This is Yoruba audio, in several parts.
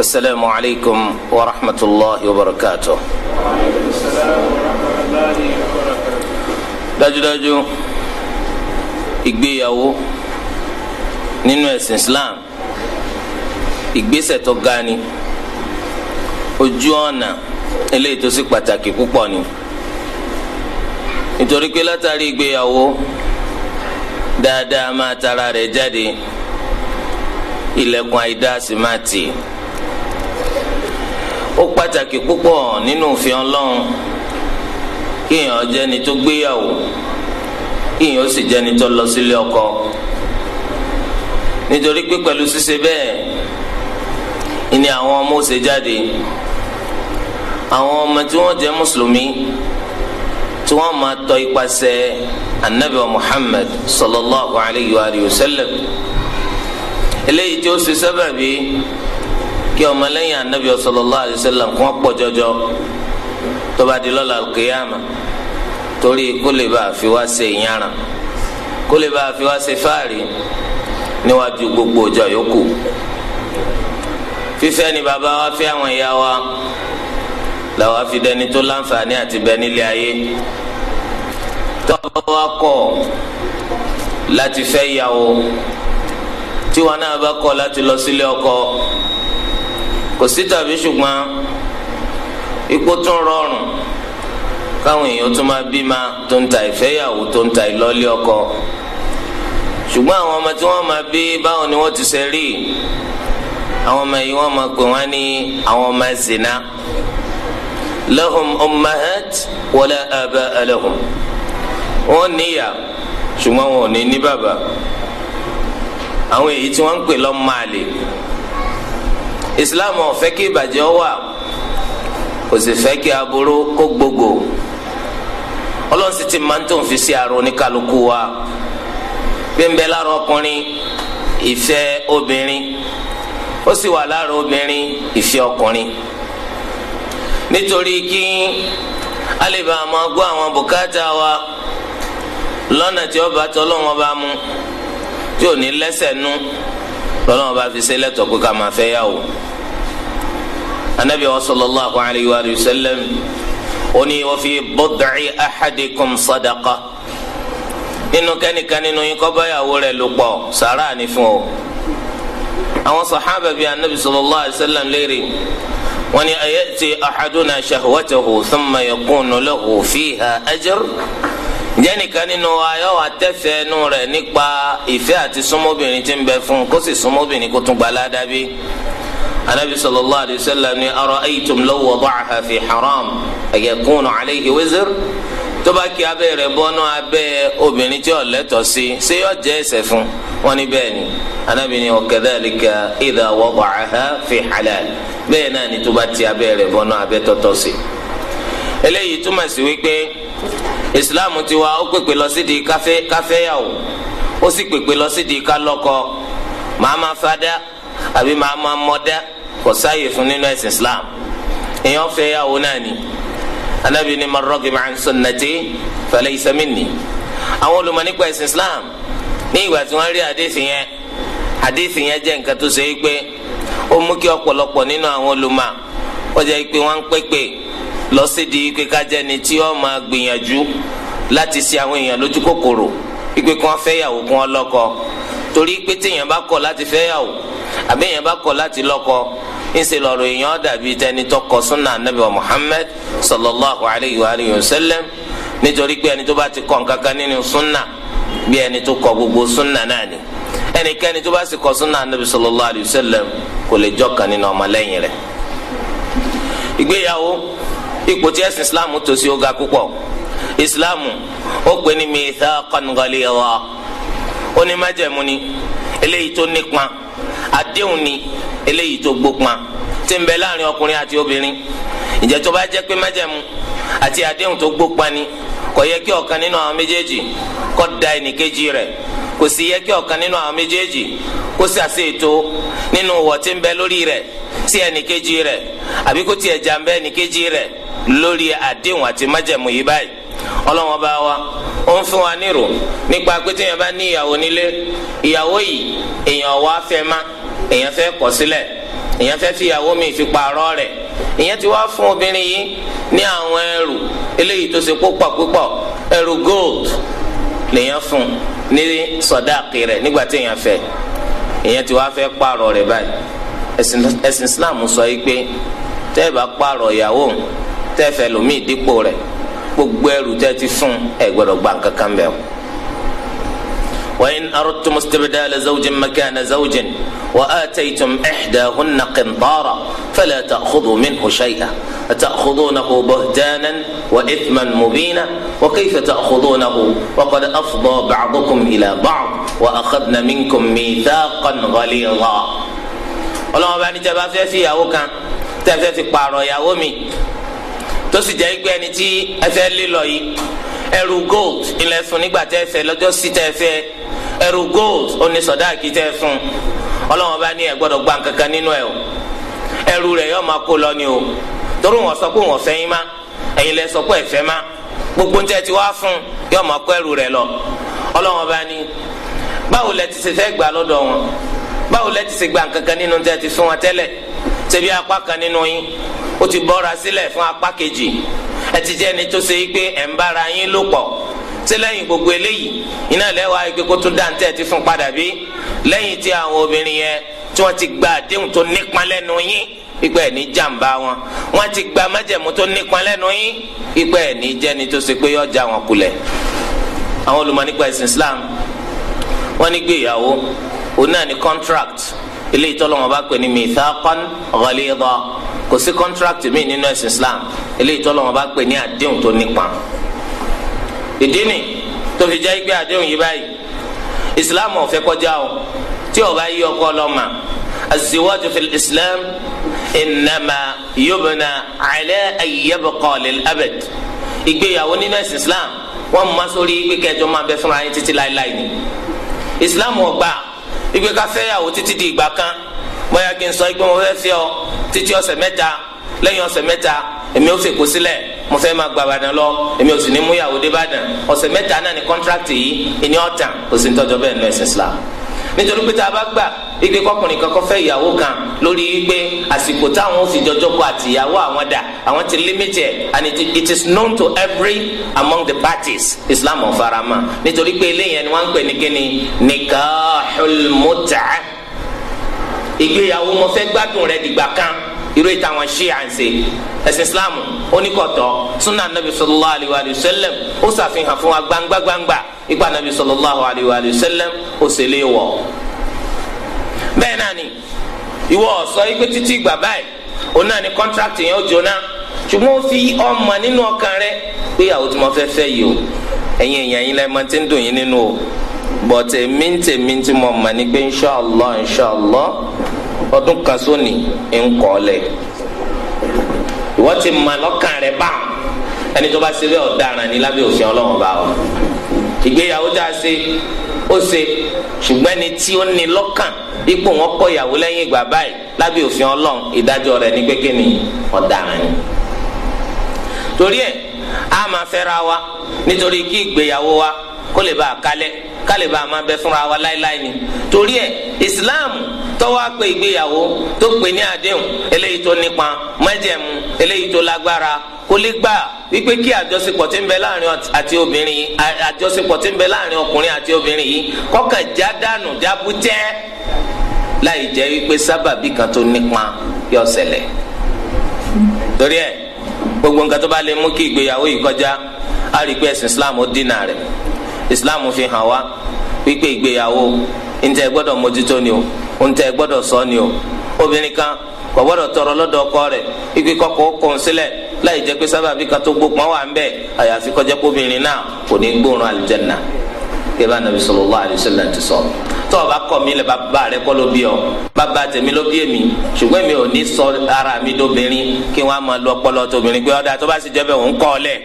السلام عليكم ورحمة الله وبركاته dájúdájú ìgbéyàwó nínú ẹ̀sìn Islam ìgbésẹ̀ tó ga ni ojú ọ̀nà eléyìí tó sì pàtàkì púpọ̀ ni nítorí pé látàrí ìgbéyàwó dáadáa máa tara rẹ̀ jáde ilẹ̀kùn àìdá máa tì í ó pàtàkì púpọ̀ nínú òfin ọlọ́run kéèyàn jẹ́ni tó gbéyàwó kéèyàn ó sì jẹ́ni tó lọ sílé ọkọ nítorí pé pẹ̀lú ṣíṣe bẹ́ẹ̀ ìní àwọn ọmọ ó ṣe jáde àwọn ọmọ tí wọ́n jẹ́ mùsùlùmí tí wọ́n máa tọ ipasẹ̀ anabi muhammad sallallahu alayhi wa sallam eléyìí tí ó ṣe sábàbí kí ọmọlẹ́yìn anabi sallallahu alayhi wa sallam kún ọ̀pọ̀ jọjọ tó bá di lọ́la alqiyama torí kó lè bá fi wá ṣe ìyára kó lè bá fi wá ṣe fáàrí níwájú gbogbo ọjọ́ yòókù fífẹ́ ni bàbá wa fẹ́ àwọn ìyá wa làwa fi dẹni tó láǹfààní àti bẹ nílé ayé tọ́wọ́ wa kọ̀ láti fẹ́ ìyàwó tí wọn náà bá kọ̀ láti lọ sílé ọkọ kò sí tàbí ṣùgbọ́n ipò tún rọrùn káwọn èèyàn tún máa bí ma tó ń ta ìfẹ́yàwó tó ń ta ìlọ́lé ọkọ ṣùgbọ́n àwọn ọmọ tí wọ́n máa bí báwọn ni wọ́n ti ṣe rí àwọn ọmọ yìí wọ́n máa pè wọ́n ní àwọn ọmọ zina lahum ummahat wala abaa lahum wọ́n níyà ṣùgbọ́n wọn ò ní ní bàbá àwọn èyí tí wọ́n ń pè lọ́mọ àlè islam ò fẹ́ kí ìbàjẹ́ wà kò sì fẹ́ kí aburú kó gbogbo ọlọ́run sì ti máa ń tó ń fi sí àrùn oníkálukú wa bí ń bẹ lára ọkùnrin ìfẹ́ obìnrin ó sì wà lára obìnrin ìfẹ́ ọkùnrin nítorí kí a lè bá a máa gbọ́ àwọn bùkátà wa lọ́nà tí ó bá tọ́lọ́wọ́n bá mu tí ò ní lẹ́sẹ̀ nú lọ́nà bá fi ṣe lẹ́tọ̀ọ́ pé ká máa fẹ́ yàwó anabi wa sallallahu alayhi wa sallam ó ní wa fi bud'i ahadikum sadaqa nínú kẹ́nìkan nínú yín kó bá ìyàwó rẹ̀ lò pọ̀ sàrà ni fún o àwọn sàhábà bíi anabi sallallahu alayhi wa sallam léèrè wọ́n ní ayati ahaduna shahwatahu thumma yakunu lahu fiha ajr jẹ́nìkan nínú wa yóò wá tẹ́fẹ̀ẹ́ nú nípa ìfẹ́ àti súnmọ́bìnrin tí ń bẹ fún kó sì súnmọ́bìnrin kó tún gbalá dábí anabi sallallahu alayhi wa sallam ni ara'aytum law wada'aha fi haram ayakunu alayhi wizr tó bá kí abẹ́ rẹ̀ bọ́nú abẹ́ obìnrin tí ó lẹ́tọ̀ sí ṣé yóò jẹ́ ẹ̀ṣẹ̀ fún wọn ni bẹ́ẹ̀ ni anabi ni wa kadhalika idha wada'aha fi halal bẹ́ẹ̀ náà ni tó bá ti abẹ́ rẹ̀ bọ́nú abẹ́ tọ́tọ́ sí. eléyìí túmọ̀ sí wípé islam ti wa ó pèpè lọ sí di káfẹ́yàwó ó sì pèpè lọ sí di kálọ́kọ màá ma fada àbí màá ma mọ́dá. Ma kò sáàyè fún nínú ẹ̀sìn islam èèyàn fẹ́ yàwó náà ni anabi ni marrogi ma'an sunnati falaysa minni àwọn olùmọ̀ nípa ẹ̀sìn islam ní ìgbà tí wọ́n rí àdéhìí yẹn àdéhìí yẹn jẹ́ nǹkan tó ṣe é pé ó mú kí ọ̀pọ̀lọpọ̀ nínú àwọn olùmọ̀ ó jẹ́ pé wọ́n ń pépè lọ sí di pé ká ni tí wọ́n máa gbìyànjú láti ṣe àwọn èèyàn lójú kòkòrò pípé kí wọ́n fẹ́ yàwó kí wọ́n lọ́kọ torí pé téèyàn bá kọ̀ láti fẹ́ yà wò àbí èèyàn bá kọ̀ láti lọ́kọ ńṣe lọ́rọ̀ èèyàn dàbí tẹni tọkọ súnà anabi muhammed sallallahu alayhi wa alihi wa sallam nítorí pé ẹni tó bá ti kọ̀ nǹkankan nínú súnà bí ẹni tó kọ̀ gbogbo súnà náà ni ẹnikẹ́ni tó bá sì kọ̀ súnà anabi sallallahu alayhi wa sallam kò lè jọ́kan nínú ọmọlẹ́yìn rẹ̀ ìgbéyàwó ipò tí ẹ̀sìn islam tó sí ó ga púpọ̀ islam ó pè ní mithaqan ghalidha ó ní májẹ̀mú ni eléyìí tó nípa àdéhùn ni eléyìí tó gbópa tí ń bẹ láàrin ọkùnrin àti obìnrin ìjẹ́ tó bá jẹ́ pé májẹ̀mú àti àdéhùn tó gbópa ni kò yẹ kí ọ̀kan nínú àwọn méjèèjì kó da ẹnìkejì rẹ̀ kò sì yẹ kí ọ̀kan nínú àwọn méjèèjì kó sàṣe ètò nínú wọ̀ tí ń bẹ lórí rẹ̀ sí ẹnìkejì rẹ̀ àbí kó tiẹ̀ jàǹbá ẹnìkejì rẹ̀ lórí àdéhùn àti májẹ̀mú yìí báyìí ọlọ́wọ́n bá wa ó ń fún wa nírò nípa pé téèyàn bá ní ìyàwó nílé ìyàwó yìí èèyàn wá fẹ́ má èèyàn fẹ́ kọ̀ sílẹ̀ èèyàn fẹ́ fi ìyàwó mi fi pààrọ̀ rẹ̀ ìyẹn ti wá fún obìnrin yìí ní àwọn ẹrù eléyìí tó ṣe púpọ̀ púpọ̀ ẹrù gold lèèyàn fún ní sọdáàkì rẹ̀ nígbà téèyàn fẹ́ ìyẹn ti wá fẹ́ pààrọ̀ rẹ̀ báyìí ẹ̀sìn Islam sọ yìí pé tẹ́ẹ̀ bá pààrọ̀ ìyàwó tẹ́ẹ̀ fẹ́ lòmíì dípò rẹ̀ gbogbo ẹrù tẹ́ ti sùn ẹ gbọ́dọ̀ gba nǹkan kan o. وإن أردتم استبدال زوج مكان زوج وآتيتم إحداهن قنطارا فلا تأخذوا منه شيئا أتأخذونه بهتانا وإثما مبينا وكيف تأخذونه وقد أفضى بعضكم إلى بعض وأخذنا منكم ميثاقا غليظا اللهم bá ní يا وكان fẹ́ fi ìyàwó kan tẹ́ tó sì jẹ́ pé ẹni tí ẹ fẹ́ yìí ẹrù gold ilẹ̀ fún nígbà tẹ́ ẹ fẹ́ lọ́jọ́ sí tẹ́ ẹ ẹrù gold onísọ̀dá àkìtẹ́ fún ọlọ́wọ́n bá ní ẹ gbọ́dọ̀ gba nǹkan kan nínú ẹ o ẹrù rẹ̀ yóò máa kó lọ ni o torí wọn sọ pé wọn fẹ́ yín má ẹ̀yin lẹ sọ pé ẹ fẹ́ má gbogbo ń tẹ́ ti wá fún yóò máa kó ẹrù rẹ̀ lọ ọlọ́wọ́n bá ní báwo lẹ ti ṣe fẹ́ gbà lọ́dọ̀ wọn báwo lẹ ti ṣe gba nǹkan nínú tẹ́ ti fún wọn tẹ́lẹ̀ ṣebí apá kan nínú yín ó ti bọ́ra sílẹ̀ fún apá kejì ẹ ti jẹ́ ẹni tó ṣe é pé ẹ̀ ń bára yín lò pọ̀ ṣé lẹ́yìn gbogbo eléyìí iná lẹ́wàá ìpè kó tún dáńtẹ́ ti fún padà bí lẹ́yìn tí àwọn obìnrin yẹn tí wọ́n ti gba àdéhùn tó nípa lẹ́nu yín ìpè ní jàǹbá wọn wọ́n ti gba májẹ̀mú tó nípa lẹ́nu yín ìpè ní jẹ́ni tó ṣe pé yọ já wọn kulẹ̀ àwọn olùmọ̀ nípa ẹ̀sìn Islam wọ́n ní gbéyàwó òun náà ní contract ilé ìtọ́lọ́wọ́n bá pè ní mithaqan ghalidha kò sí contract mi nínú ẹ̀sìn Islam ilé ìtọ́lọ́wọ́n bá pè ní àdéhùn tó nípa ìdí ni tó fi jẹ́ pé àdéhùn yìí báyìí Islam ò fẹ́ kọjá o tí o bá yí ọkọ lọ́mà az-zawaju fil Islam innama yubna ala an yabqa lil ìgbéyàwó nínú ẹ̀sìn Islam wọ́n mú ma pé kẹjọ máa bẹ fúnra yín títí láéláé ni Islam ò ìgbé ká fẹ́yàwó títí di ìgbà kan bóyá kí n sọ pé mo fẹ́ fẹ́ ọ títí ọ̀sẹ̀ mẹ́ta lẹ́yìn ọ̀sẹ̀ mẹ́ta èmi ò fèkó sílẹ̀ mo fẹ́ máa gba Ìbàdàn lọ èmi ò sì ní múyàwó dé ọ̀sẹ̀ mẹ́ta náà ni kọ́ńtrákìtì yìí ìní ọ̀tàn kò sí tọ́jọ́ bẹ́ẹ̀ nù ẹ̀sìn Islam nítorí pé tá a bá gbà ike kọkùnrin kan kó fẹ́ ìyàwó kan lórí wípé àsìkò táwọn fi jọjọ kọ àtìyàwó àwọn dà àwọn ti limit ẹ and it, it is known to every among the parties Islam ọ̀farama nítorí pé eléyẹn ni wọ́n ń pè ní kíni nikahul mut'ah ìgbéyàwó mo gbádùn rẹ dìgbà kan irú ètò àwọn ṣíà ń ṣe ẹ̀sìn islam oníkọ̀tọ̀ sunna anabi sallallahu alayhi wa sallam ó ṣàfihàn fún wa gbangba gbangba ipa anabi sallallahu alayhi wa sallam ó ṣe lé wọ̀ bẹ́ẹ̀ náà ni ìwọ sọ yìí pé títí gbà báyìí òun náà ni contract yẹn ó jóná ṣùgbọ́n ó fi ọmọ nínú ọkàn rẹ pé ìyàwó tí mo fẹ́ fẹ́ yìí o ẹ̀yin èèyàn yín lẹ́mọ tí ń dùn yín nínú o bọ̀tẹ̀ mí ń tèmi tí mo mọ̀ ní pé inshallah inshallah ọdún kan sóni ńkọ́lẹ̀ ìwọ́n ti mà lọ́kàn rẹ̀ bá ẹni tó bá ṣe bẹ́ẹ̀ ọ̀daràn ní lábẹ́ òfin ọlọ́run bá wa ìgbéyàwó tá a ṣe ó ṣe ṣùgbọ́n ẹni tí ó ní lọ́kàn ipò wọn kọ ìyàwó lẹ́yìn ìgbà báyìí lábẹ́ òfin ọlọ́run ìdájọ́ rẹ̀ ní pékè ní ọ̀daràn ni torí ẹ̀ a máa fẹ́ra wa nítorí kí ìgbéyàwó wa kó lè bá a kálẹ̀ kálíbà máa bẹ fúnra wa láéláé ni torí ẹ islam tọ́wọ́ pé ìgbéyàwó tó pè ní àdéhùn eléyìí tó nípa májẹ̀mú eléyìí tó lágbára kò lè gbà wípé kí àjọṣepọ̀ tí ń bẹ láàrin àti obìnrin àjọṣepọ̀ tí ń bẹ láàrin ọkùnrin àti obìnrin yìí kọ́kàn já dànù jábútẹ́ láì jẹ́ wípé sábàbí kan tó nípa yọ ṣẹlẹ̀ torí ẹ gbogbo nǹkan tó bá lè mú kí ìgbéyàwó yìí kọjá a rí Islam ó dínà rẹ̀ islam fi hàn wá wípé ìgbéyàwó ntẹ gbọ́dọ̀ mójútó ni o ntẹ gbọ́dọ̀ ṣọ́ ni o obìnrin kan kò gbọ́dọ̀ tọrọ lọ́dọ̀ ọkọ rẹ̀ ikú kọkọ kún sílẹ̀ láì jẹ́ pé sábàbí kan tó gbópọn wà ń bẹ àyàfi kọjá kóbìnrin náà kò ní gbóòórùn àlùjànnà kébà nàbí sallallahu alaihi wasallam ti sọ tó o bá kọ̀ mí lẹ bàbá rẹ̀ kọ́ ló bí ọ bàbá tèmi ló bí èmi ṣùgbọ́n èmi ò ní sọ ara mi dóbìnrin kí wọ́n á máa lo ọpọlọ tóbìnrin pé ọ̀dà tó bá sì jẹ́ bẹ́ẹ̀ òun kọ́ ọ lẹ̀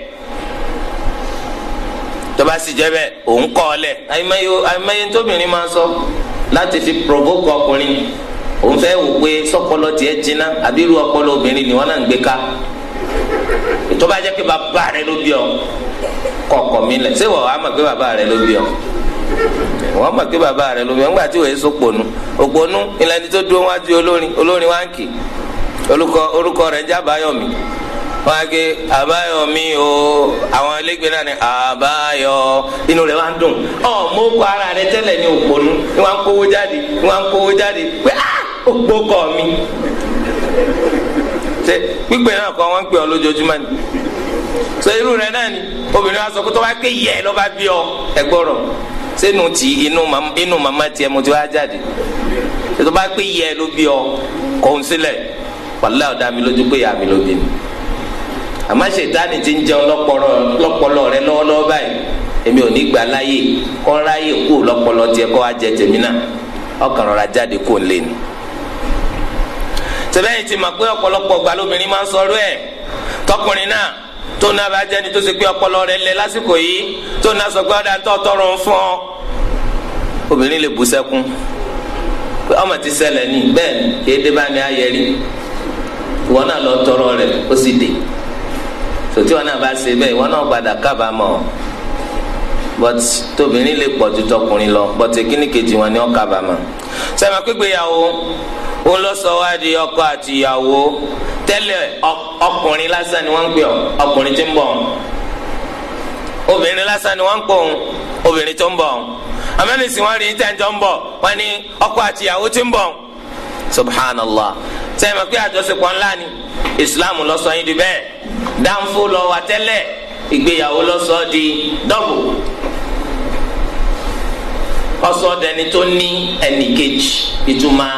tọba si sì jẹ́ bẹ́ẹ̀ òun kọ́ ọ ma àìmọye máa sọ láti fi provoke ọkùnrin òun fẹ́ wò pé sọ́pọlọ tiẹ̀ jiná àbí irú ọpọlọ obìnrin ni wọ́n náà ń gbé ká tó jẹ́ pé bàbá rẹ ló bí ọ kọ̀ọ̀kọ̀ mi lẹ̀ ṣé wọ́n á mọ̀ pé bàbá rẹ ló bí ọ wọ́n mọ̀ pé bàbá rẹ ló bí ọ ńgbà tí ìlànà tó dúró wọ́n á gé àbáyọ mi o àwọn ẹlẹ́gbẹ́ náà ni àbáyọ inú rẹ̀ wá ń dùn ọ̀ mú kọ ara rẹ tẹ́lẹ̀ ní òpònú ni wọ́n kówó jáde ni wọ́n kówó jáde pé á ó gbó kọ́ mi tẹ pípẹ́ náà kọ́ wọ́n pè ọ́ lójoojúmọ́ ni so irú rẹ̀ náà ni obìnrin wa sọ pé tó bá ké yẹ ló bá bí ọ ẹgbọ́rọ̀ sínú ti inú màmá tiẹ̀ mo ti wá jáde tó bá ké yẹ ló bí ọ kò ń sílẹ̀ wàlúwà ọ̀dà mi lójú pé ìyá mi ló bí mi. àmọ́ ṣètánì ti ń jẹun rẹ lọ́wọ́lọ́wọ́ báyìí èmi ò ní gbà láyè kọ́ ráyè kú tiẹ̀ kọ́ tèmi náà ọkàn rọra jáde kó lè ní. ti mọ̀ pé ọ̀pọ̀lọpọ̀ gbà lóbìnrin máa ń sọ̀rọ̀ ẹ̀ tọkùnrin náà tó náà bá jẹ́ni tó ṣe pé ọpọlọ rẹ lẹ lásìkò yìí tó náà sọ pé ọ̀dà tó tọrọ ń obìnrin lè bú sẹ́kún pé ọmọ ti ní bẹ́ẹ̀ kéde bá tòtí wọn náà bá ṣe bẹ́ẹ̀ ìwọ náà padà kábàámọ̀ but tóbìnrin lè pọ̀ ju tọkùnrin lọ but èkíní kejì wọn ni wọn kábàámọ̀. sẹ́mi pípéyàwó ó lọ sọ wá di ọkọ àti ìyàwó tẹ́lẹ̀ ọkùnrin lásán ni wọ́n ń pè ọ́ ọkùnrin tí ń bọ̀ obìnrin lásán ni wọ́n ń pò ń obìnrin tó ń bọ̀ amẹ́nìsìn wọn rí ní tẹ́ńtọ́ ń bọ̀ wọn ni ọkọ àti ìyàwó tí ń bọ̀ subhanallah sẹ́yìn mọ̀ pé àjọṣepọ̀ ńlá ni islam ló sọ yín di bẹ́ẹ̀ dáńfó lọ wà tẹ́lẹ̀ ìgbéyàwó ló sọ di dọ́bù ọsọdẹni tó ní ẹnì kejì ìtumọ̀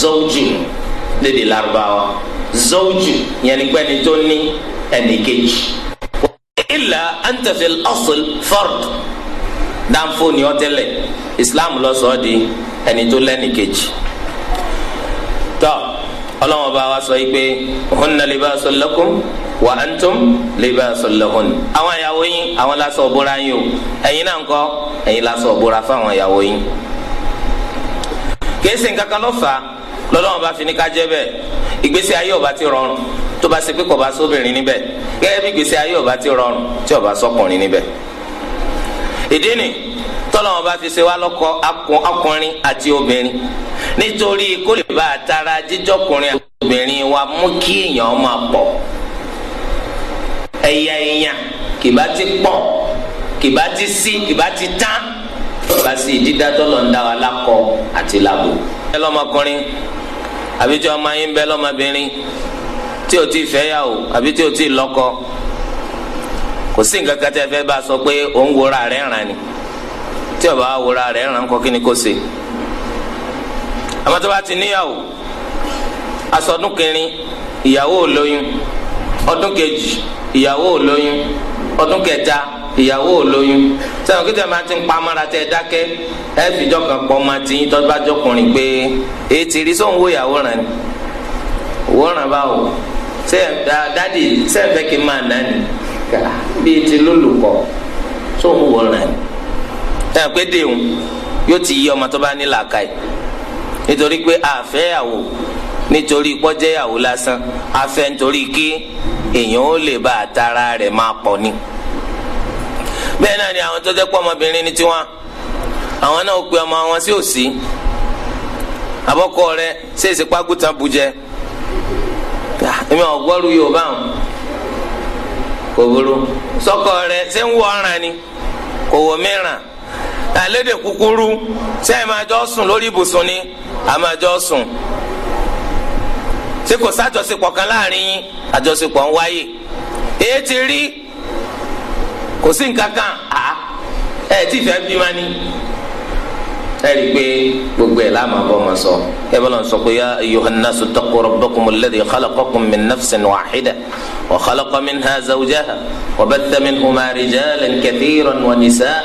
zọ́ọ̀jù lédè Lárúbáwá zọ́ọ̀jù yẹn ni pẹ́ni tó ní ẹnì kejì. ilà antafil ọ̀sùn fard dáńfó ni ọ tẹ́lẹ̀ islam ló di ẹni tó lẹ́nì kejì. tọ́ ọlọ́wọ́n bá wa sọ yìí pé hunna libasun lakum wa antum libasun lahun àwọn ìyàwó yín àwọn lásọ òbúra yín o ẹ̀yin náà ń kọ́ ẹ̀yin lásọ òbúra fáwọn ìyàwó yín. kèésì nǹkankan ló fà á lọ́lọ́wọ́n bá fi ní ká jẹ́ bẹ́ẹ̀ ìgbésí ayé ọba ti rọrùn tó bá ṣe pé kò bá sóbìnrin níbẹ̀ gẹ́gẹ́ bí ìgbésí ayé ọba ti rọrùn tí ọba sọkùnrin níbẹ̀. ìdí nìyí tọ́lọ́wọ́n bá fi ṣe wá lọ́kọ ọkùnrin àti obìnrin nítorí kó lè bá àtàrà jíjọkùnrin àti obìnrin wa mú kí èèyàn máa pọ̀ ẹ̀yà èèyàn kìbá ti pọ̀ kìbá ti sí kìbá ti tán bá sí dídá tọ́lọ̀ ń dá wa lákọ àti lábo. ẹ lọ́mọkùnrin àbí tí ọmọ yín bẹ lọ́mọbìnrin tí o ti fẹ́ yà o àbí tí o ti lọ́kọ kò sí nǹkan kan tẹ́ fẹ́ bá a sọ pé òun wòra rẹ̀ ràn ni tí ọba awòra rẹ̀ ràn kọ́ kí ni kò ṣe àmọ́ tó bá ti níyàwó asọdún kẹrin ìyàwó olóyún ọdún kejì ìyàwó olóyún ọdún kẹta ìyàwó olóyún sẹ́wọ̀n kí tẹ̀ máa ti ń pamọ́ra tẹ́ ẹ dákẹ́ ẹ fìjọ́ kan pọ̀ máa ti yín tọ́jú bá jọkùnrin pé ètì rí sóhun wo ìyàwó rẹ̀ ni wòran báwo dádì sẹ́ẹ̀fẹ́ kí n máa nání bíi ti lólùkọ́ sóhun wòran ni. ẹ̀ pé dèun yóò ti yí ọmọ tó bá ní làákàyè nítorí pé àfẹ́yàwó nítorí pọ́jẹ́yàwó lásán afẹ́ nítorí kí èèyàn ó lè bá àtàrà rẹ̀ máa pọ̀ ni. bẹ́ẹ̀ náà ni àwọn tó jẹ́ pọ́ ọmọbìnrin ní tiwọn àwọn náà ó pe ọmọ wọn sí òsì àbọ̀kọ rẹ̀ ṣèṣe pàgùtàn bùjẹ́ èmi wọn kò burú sọkọ rẹ̀ ṣé ń wọ ọ̀ràn ni kò wọ mìíràn. ẹlẹ́dẹ̀ kúkúrú ṣé ẹ máa jọ sùn lórí ibùsùn ni a máa jọ sùn ṣé kò sájọṣepọ̀ kan láàrin yín àjọṣepọ̀ ń wáyé èyí ti rí kò sí nǹkan kan à ẹ tí ìfẹ́ bí ma ni ẹ pé gbogbo ẹ̀ láàmú abọ́ ma sọ ẹ bọ́lá ń sọ pé ya ayyuhannasu ttaqu rabbakum alladhi khalaqakum min nafsin wahida wa khalaqa minha zawjaha wa batha minhuma rijalan kathiran wa nisaa.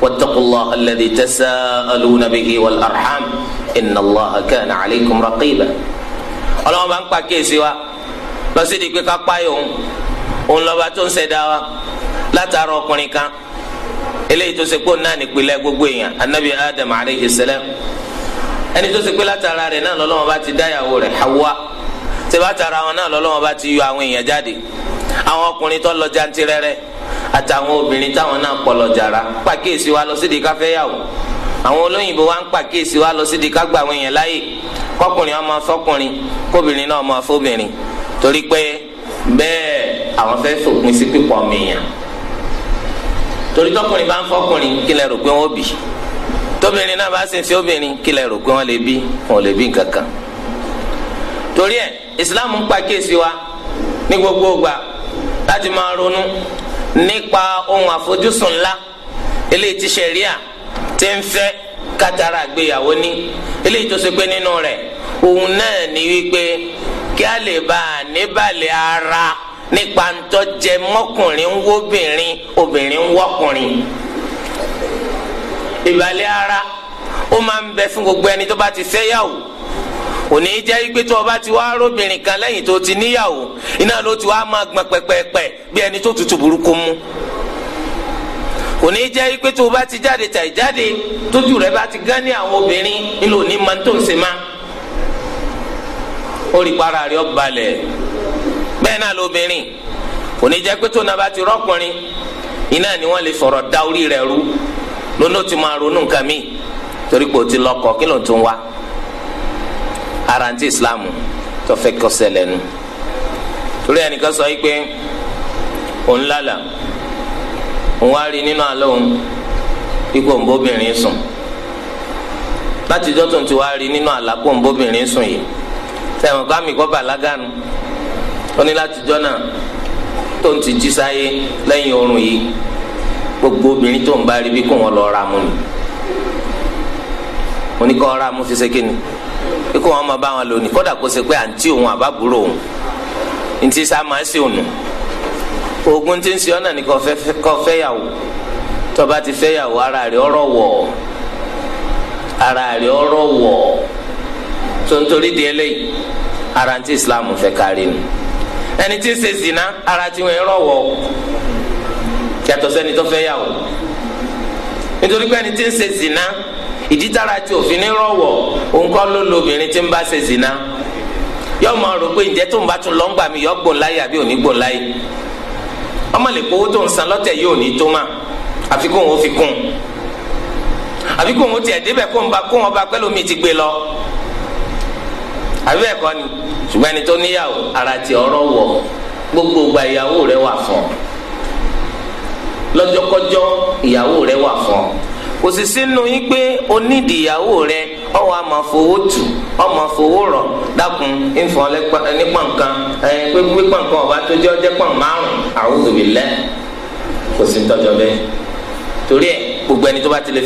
واتقوا الله الذي تساءلون به والأرحام إن الله كان عليكم رقيبا ọlọ́run bá ń pa kéèsì wa lọ sí ìdìgbé ká páyé òun òun lọ́ba tó ń ṣẹ̀dá wa látara ọkùnrin kan eléyìí tó ṣe pé òun náà nípìnlẹ̀ gbogbo èèyàn anabi adam aleyhi salam ẹni tó ṣe pé látara rẹ̀ náà lọ́lọ́wọ́n bá ti dáyàwó rẹ̀ hawa ṣe bá tara wọn náà lọ́lọ́wọ́n bá ti yọ àwọn èèyàn jáde àwọn ọkùnrin tó lọ jantirẹrẹ àtàwọn obìnrin táwọn náà pọlọ jàrá pàkíyèsí wa lọ sí di káfẹ́ yàwó àwọn olóyìnbó wa ń pàkíyèsí wa lọ sí di ká àwọn èèyàn láàyè kọkùnrin ọmọ fọkùnrin kóbìnrin náà ọmọ fóbìnrin torí pé bẹ́ẹ̀ àwọn fẹ́ fòpin sí pípọ̀ torí tọkùnrin bá ń fọkùnrin torí ẹ ń pàkíyèsí wa ní gbogbo nípa ohun àfojúsùn ńlá eléyìí tí ṣẹ̀ríà ti ń fẹ́ kátàrà gbéyàwó ní eléyìí tó ṣe pé nínú rẹ̀ òun náà ní wípé kí a lè bá a níbàlẹ̀ ara nípa ntọ́ jẹ mọ́kùnrin ń wóbìnrin obìnrin ń wọ́kùnrin ìbàlẹ̀ ara ó máa ń bẹ fún gbogbo ẹni tó bá ti fẹ́ yàwó kò jẹ́ ipe tó o bá ti wá róbìnrin kan lẹ́yìn tó ti níyàwó iná ló ti wá máa gbọ̀n pẹ́pẹ́pẹ́ bí ẹni tó tutù burúkú mú kò jẹ́ ipe tó o bá ti jáde tà ìjáde tójú rẹ bá ti gán ní àwọn obìnrin nílò ní máa tó ń ṣe má ó rí para rí rẹ balẹ̀ bẹ́ẹ̀ náà lóbìnrin kò ní jẹ́ pé tó náà bá ti rọ́kùnrin iná ni wọ́n lè fọ̀rọ̀ da orí rẹ̀ rú lónà ó ti máa ronú nǹkan míì torí pé o ti lọ́kọ kí ló ń tún wá. arantí islam tó fẹ́ kó ṣẹlẹ̀ nu torí ẹnìkan sọ yìí pé òun lálà òun wá rí nínú àlọ́ òun ikú òǹbóbìnrin sùn láti jọ́ tó ń ti wá rí nínú àlákò òǹbóbìnrin sùn yìí sẹ́wọ̀n kọ́ àmì kọ́ bàlágànù ó ní láti jọ́ náà tó ń ti jí sáyé lẹ́yìn oorun yìí gbogbo obìnrin tó ń bá rí bí kò wọ́n lọ́ọ́ ra mu ni oníkọ́ ra mu fi ṣe kí ni. pé kó wọn máa bá wọn lónìí kó pé àǹtí òun àbábúrò òun ntí sá máa ṣe òun oògùn tí ń ṣe ọ́nà ni kò fẹ́ ti fẹ́ ara rẹ̀ ọ̀rọ̀ wọ̀ ara rẹ̀ tó di ara Islam fẹ́ kárí ẹni zina ara ti wọn ẹ̀rọ̀ wọ̀ yàtọ̀ sẹ́ni tó fẹ́ nítorí pé ẹni ṣe zina. ìdítara tí òfin ní rọ̀wọ̀ òǹkọ́ ló lo obìnrin tí ń bá ṣe zina yóò máa rò pé ǹjẹ́ tó ń bá tún lọ́ ń gbà mí yọ gbòǹ láyé àbí òní gbòǹ láyé ọmọ lè kówó tó ń san lọ́tẹ̀ yóò ní tó má àfikún òun fi kún àfikún òun tiẹ̀ débẹ̀ kó ń ba kó wọn ba pẹ́ ti gbé lọ àbí ẹ̀kọ́ ni ṣùgbọ́n ẹni tó níyàwó ara ti ọ̀rọ̀ wọ̀ gbogbo gba ìyàwó rẹ̀ wà fún lọ́jọ́kọ́jọ́ ìyàwó rẹ̀ wà fún ọ osisi sì sínú yín pé onídìyàwó rẹ ọwọ́ àmọ́ fowó tù ọmọ fowó rọ̀ dákun ìfọ̀ nípa nǹkan ẹ pé pípa nǹkan ọba tó jẹ́ ọjẹ́ márùn kò sí torí ẹ gbogbo ẹni tó bá ti lè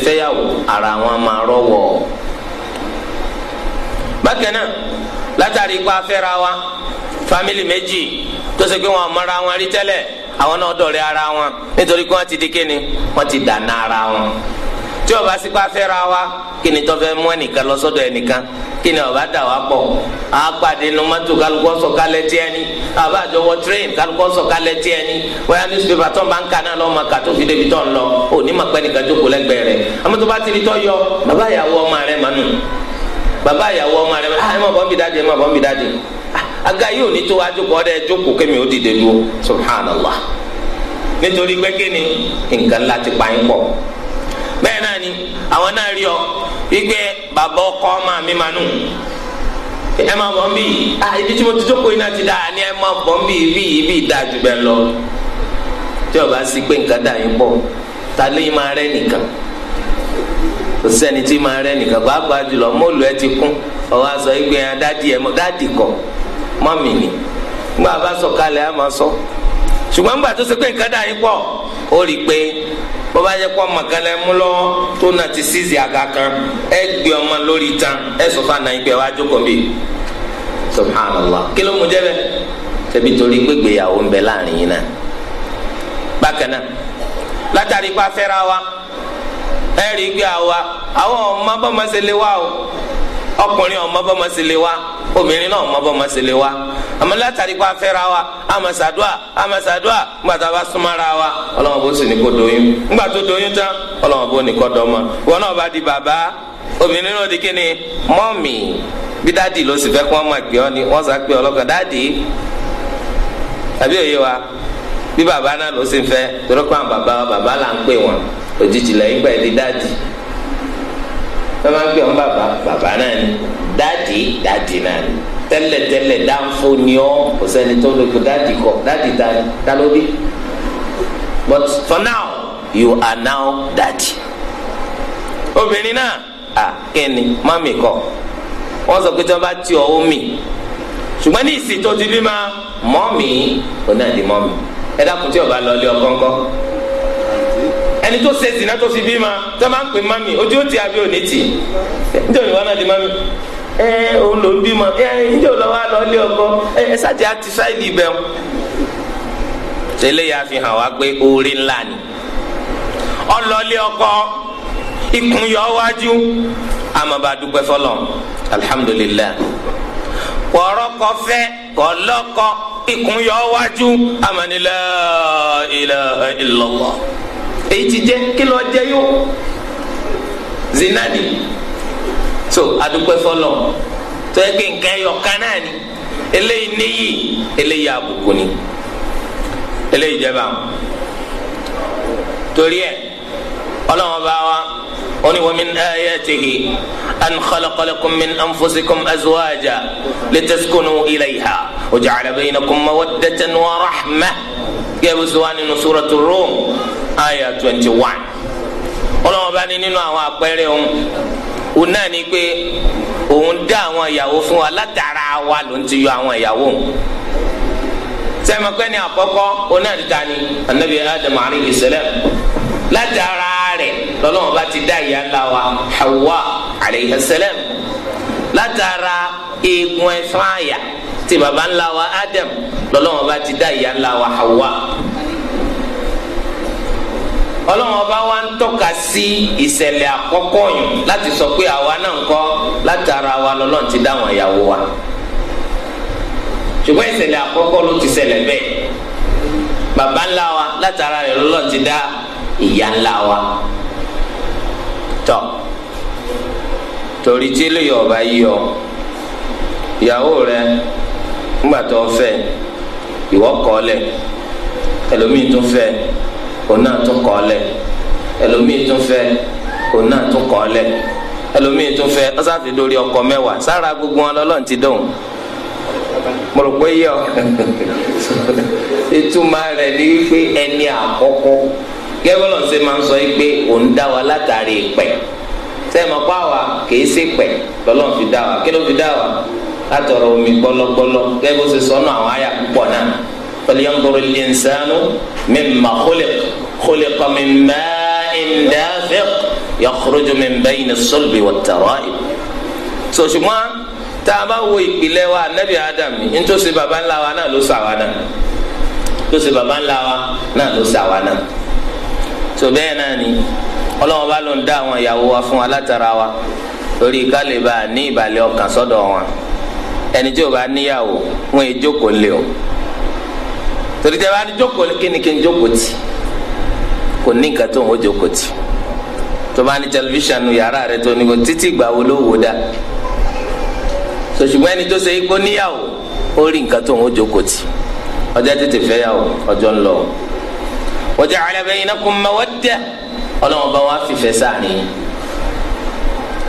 ara wọn máa rọwọ. bákan náà látàrí ipa afẹ́ra wa fámìlì méjì tó ṣe pé wọn mọra wọn rí tẹ́lẹ̀ àwọn náà dọ̀rẹ́ ara wọn nítorí pé ti di tí o bá sípa fẹ́ra wa kí ni tọ́fẹ́ mú ẹnìkan lọ sọ́dọ̀ ẹnìkan kí ni dà wá pọ̀ mọ́tò kálukọ́ àbá kálukọ́ ní sùpèpà tó ń bá ń ka náà lọ́mọ kàtó fi débi tó ń lọ ò ní màpẹ́ nìkan jókòó lẹ́gbẹ̀ẹ́ rẹ̀ bá ti di tọ́ yọ bàbá ìyàwó ọmọ bàbá ìyàwó ọmọ bẹ́ẹ̀ náà ni àwọn náà rí ọ wípé bàbá ọkọ ọmọ mi máa nù ẹ máa bọ̀ ń bí ibi tí mo ti jókòó ti dáa ni ẹ máa bọ̀ ń bí ibi ibi dáa jù bẹ́ẹ̀ lọ tí o bá pé nǹkan dà yín pọ̀ ta ló yín máa rẹ́ nìkan kò sẹ́ni tí máa rẹ́ nìkan pàápàá jùlọ mọ́ọ̀lù ẹ ti kún ọwọ́ aṣọ sọ kalẹ̀ máa sọ ṣùgbọ́n tó ṣe pé bọ́bá yẹ kó mụlọ kan ti kan ẹ gbé ọmọ lórí tan ẹ sọ fún ànáyìn wàá jókòó bi subhanallah kí ló mú jẹ́bẹ̀ tẹ̀bi torí gbégbé ń bẹ láàrin yìí náà bákan náà látàrí ẹ gbé àwa àwọn ọmọ bọ́mọ ṣe lé wa o. ọkùnrin ọmọ bọ́mọ sí lè wa obìnrin náà ọmọ sí lè wa látàrí pa afẹ́ra wa àmàṣàdúà àmàṣàdúà ńgbà tá a wa ọlọ́wọ́n bó sì ní kó doyún ńgbà tó doyún tán ọlọ́wọ́n bó ní kó dọ́mọ wọn náà bá di bàbá di kíni mọ́mì bí dáàdì ló sì fẹ́ ọ ni wọ́n sá pé ọlọ́kàn dáàdì wa bí bàbá náà ló sì fẹ́ bàbá bàbá là ń dáàdì wọn máa wọn bàbá bàbá náà ni dáàdì dáàdì náà ni tẹ́lẹ̀tẹ́lẹ̀ dáńfó ni ọ́ kò sẹ́ni tó lè dáàdì kọ dáàdì ta ni ta ló bí but for now you are now dáàdì obìnrin náà à kẹ́ni mọ́mì kọ wọ́n sọ pé tí wọ́n bá ti ọ̀ omi ṣùgbọ́n ní ìsìn tó ti bí ma mọ́mì ò náà di mọ́mì ẹ dákun tí o bá lọ ilé ọkọ ńkọ́ ẹni tó ṣe zina tó fi bí ma tó máa ń pè mami ojú ó ti àbí òní tì nítorí wọn náà di mami ẹ òun ló ń bí ma ẹ nítorí wọn wá lọ ilé ọkọ ẹ ẹ sáàtì á ti sáìdì ibẹ̀ wọn. tẹ́lẹ̀ yà fi hàn wá pé orí ńlá ni ọlọ́lé ọkọ ikùn yọ wájú amaba dúpẹ́ fọlọ alihamudulilayi kọ̀ọ̀rọ̀kọ̀ fẹ́ kọ̀ọ̀lọ́kọ̀ ikùn yọ wájú amanilá ilẹ̀ ilọ̀lọ́ èyí tí jẹ́ kí lọ jẹ́ yó zinani so adúpẹ́ fọlọ́ tó yẹ kí nǹkan ẹyọ kan náà ni eléyìí níyì eléyìí àbùkù ni eléyìí jẹ́ torí ẹ̀ ọlọ́wọ́n bá wa. قل ومن آياته أن خلق لكم من أنفسكم أزواجا لتسكنوا إليها وجعل بينكم مودة ورحمة يا سورة الروم aya twenty one ọlọ́wọ́n bá ní nínú àwọn àpẹẹrẹ òun òun náà ni pé òun dá àwọn ìyàwó fún wa látara wa ló ń ti yọ àwọn ìyàwó sẹ́mọ̀pẹ́ ni àkọ́kọ́ òun náà ti ta ni anabi adam alayhi salam látara rẹ̀ lọ́lọ́wọ́n bá ti dá ìyá ńlá wa hawa alayhi salam látara eegun ẹ̀fọn àyà ti baba ńlá wa adam lọ́lọ́wọ́n bá ti dá ìyá ńlá wa hawa ọlọ́run ọba wa ń tọ́ka sí ìṣẹ̀lẹ̀ àkọ́kọ́ yìí láti sọ pé àwa náà ń kọ́ látara wa lọ́lọ́run ti dáwọn ìyàwó wa ṣùgbọ́n ìṣẹ̀lẹ̀ àkọ́kọ́ ló ti ṣẹlẹ̀ bẹ́ẹ̀ bàbá ńlá wa látara rẹ̀ lọ́lọ́run ti dá ìyá ńlá wa tọ́ torí tí eléyìí ọba yí ọ ìyàwó rẹ ńgbà tó ń fẹ́ ìwọ kọ́ ọ lẹ̀ ẹlòmíín tún fẹ́ ona náà tún kọ́ lẹ̀ ẹlòmíì tún fẹ́ dórí ọkọ mẹ́wàá sára gbogbo wọn lọ́lọ́run ti dóhùn mo yọ ìtumọ̀ rẹ̀ ni wípé ẹni àkọ́kọ́ gẹ́gbọ́lọ̀ máa ń sọ yìí òun dá wa látàrí pa wa kìí fi dá wa kí ló fi dá wa omi àwọn àyà náà. فلينظر الإنسان مما خلق خلق من ماء دافق يخرج من بين الصلب والترائب so ṣùgbọ́n tá a bá wo ìpìlẹ̀ wa anabi adam yìí tó ṣe baba ńlá wa náà ló ṣà wa náà tó ṣe baba ńlá wa náà ló ṣà wa náà so bẹ́ẹ̀ náà ni ọlọ́wọ́n bá ló ń dá àwọn ìyàwó wa fún wa látara wa lórí kálíbà ní ìbàlẹ̀ ọkàn sọ́dọ̀ wọn ẹni tí ò bá níyàwó wọn èjókòó lé o torí tẹ bá ní jókòó kí ni kí n jókòó tì kò ní nǹkan tó ń wọ́n jókòó tì tó bá ní tẹlifíṣàn nu yàrá rẹ tó ní ko títí ìgbà wo ló wò dá sòṣùgbọ́n ẹni tó ṣe é kó níyàwó ó rí nǹkan tó ń wọ́n jókòó tì ọjọ́ tètè fẹ́ yàwó ọjọ́ ń lọ waja'ala bainakum mawadda ọlọ́wọ́n bá wá fìfẹ́ sáàrin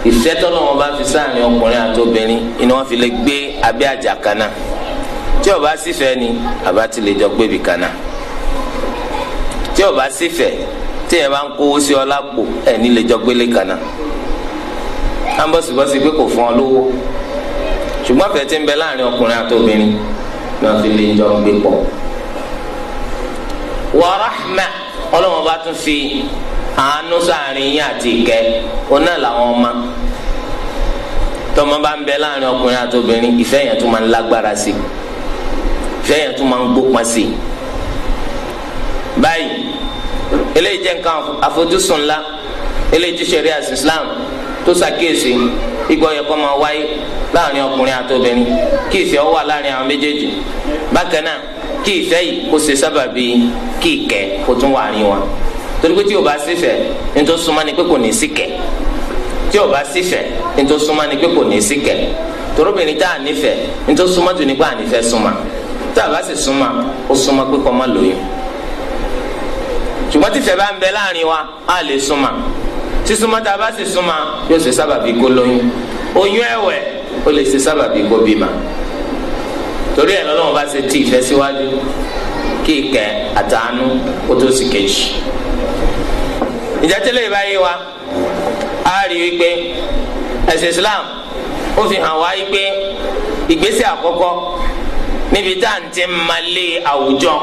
yìí ìfẹ́ tọ́lọ́wọ́n bá fi sáàrin ọkùnrin àti obìnrin ni wọ́n fi lè gbé abẹ́ àjà tí o bá sífẹ̀ẹ́ ni àbá ti lè jọ gbébi kaná tí o bá sífẹ̀ẹ́ tí yẹn bá ń kówó sí ọ lápò ẹ̀ ní lè jọ gbélé kaná à ń bọ̀sibọ́sí pé kò fún ọ lówó ṣùgbọ́n fẹ́ ti ń bẹ láàrin ọkùnrin àtòbìnrin náà fi lè jọ gbé pọ̀ wa ọlọ́wọ́n bá tún fi àánú sáàrin yín àti ìkẹ́ oná làwọn ọmọ tọmọ bá ń bẹ láàrin ọkùnrin àtòbìnrin ìfẹ́ yẹn tún máa ń lágbára sí i fẹ́yìn tó máa ń gbópa sí i báyìí eléyìí jẹ́ nǹkan àfojúsùn ńlá eléyìí ti ṣẹ̀rí àti Islam tó ṣàkíyèsí igbó yẹ kó máa wáyé láàrin ọkùnrin àti obìnrin kí ìfẹ́ ó wà láàrin àwọn méjèèjì bákan náà kí ìfẹ́ yìí kó ṣe sábàbí kí ìkẹ́ kó tún wà ní wọn torí pé tí o bá sífẹ̀ nítorí súnmọ́ ni pé kò ní sí kẹ́ tí o bá sífẹ̀ nítorí súnmọ́ ni pé kò ní sí kẹ́ torobìnrin tá a nífẹ̀ẹ́ nítorí súnmọ́ tó nípa ànífẹ́ súnmọ́. tá a bá sì suma ó súnmọ́ pé kọ́ má lóyún ṣùgbọ́n tífẹ̀ bá ń bẹ láàrin wa á lè súnmọ́ sísúnmọ́ tá a bá sì yóò ṣe kó lóyún oyún ẹ̀wẹ̀ ó lè ṣe sábàbí kó bímọ torí ẹ̀ lọ́lọ́run bá ṣe tí ìfẹ́ síwájú kí ìkẹ́ àtàánú kó tó sì kejì ìjátẹ́lẹ̀ ìbáyé wa á rí wípé ẹ̀sìn Islam ó fi hàn wá wípé ìgbésẹ̀ àkọ́kọ́ níbi tá à ń tẹ́ máa lé àwùjọ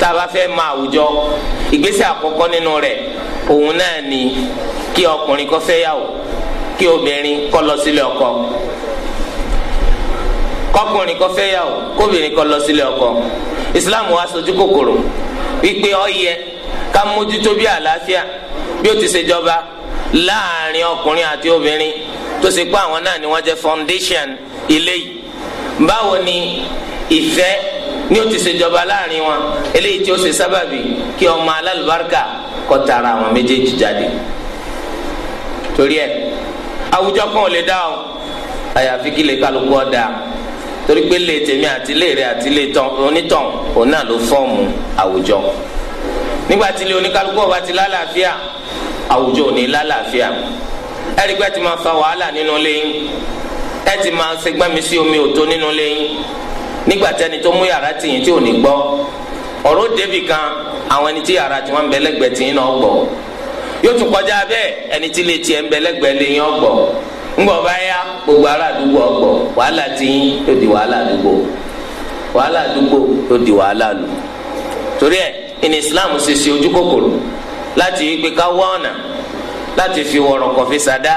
tá a bá fẹ́ máa àwùjọ ìgbésẹ̀ àkọ́kọ́ nínú rẹ̀ òun náà ni kí ọkùnrin kó fẹ́yàwó kí obìnrin kó lọ sílé ọkọ kọkùnrin kó fẹ́yàwó kóbìnrin kó lọ sílé ọkọ Islam wa sojú kòkòrò wípé ó yẹ ká mójútó bí àlàáfíà bí ó ti ṣe jọba láàrin ọkùnrin àti obìnrin tó ṣe pé àwọn náà ni wọ́n jẹ́ foundation ilé yìí báwo ni ìfẹ́ ní o ti ṣe jọba láàrin wọn eléyìí tí ó ṣe sábàbí kí ọmọ alálùbáríkà kó tara àwọn méjèèjì jáde torí ẹ àwùjọ kan ò lè dá o àyàfi kí lè kálukú ọ̀dà torí pé lè tèmi àti lè rẹ àti lè tán onítàn òun náà ló fọ́ọ̀mù àwùjọ nígbà tí lè oníkálukú ọba ti lálàáfíà àwùjọ ò ní lálàáfíà ẹ̀rí pé ti máa fa wàhálà nínú lẹ́yìn ẹ ti máa ṣe gbẹ́mi sí omi òtó nínú lẹ́yìn nígbà tẹ́ni tó mú yàrá tìyín tí ò ní gbọ́ ọ̀rọ̀ débì kan àwọn ẹni tí yàrá tí wọ́n ń bẹ lẹ́gbẹ̀ẹ́ tìyín náà gbọ́ yóò tún kọjá bẹ́ẹ̀ ẹni tí lè tiẹ̀ ń bẹ lẹ́gbẹ̀ẹ́ gbogbo ará àdúgbò ọgbọ́ wàhálà tìyín yóò di wàhálà àdúgbò wàhálà àdúgbò yóò di wàhálà lù torí ìní Islam ṣe ṣe ojú kòkòrò láti ká wá ọ̀nà láti fi wọ̀rọ̀ kọ̀fí sàdá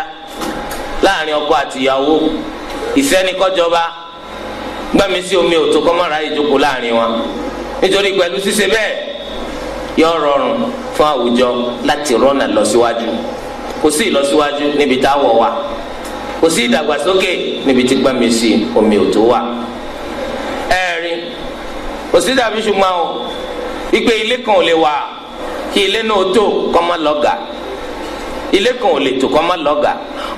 láàrin ọkọ àtìyàwó ìsẹ́nikọ́jọba gbàmí sí omi òtó kọ́mọ́ra ìjókòó láàrin wọn nítorí pẹ̀lú ṣíṣe bẹ́ẹ̀ yọ rọrùn fún àwùjọ láti rọ́nà lọ síwájú kò sí ìlọsíwájú níbi tá a wọ̀ wá kò sí ìdàgbàsókè níbi tí gbàmí sí omi òtó wà ẹ̀rín kò sí dàbí ṣùgbọ́n o ìpè ilé kan ò lè wà kí ilé náà tó kọ́mọ́ lọ́gàá ilé kan ò lè tó kọ́mọ́ lọ́gàá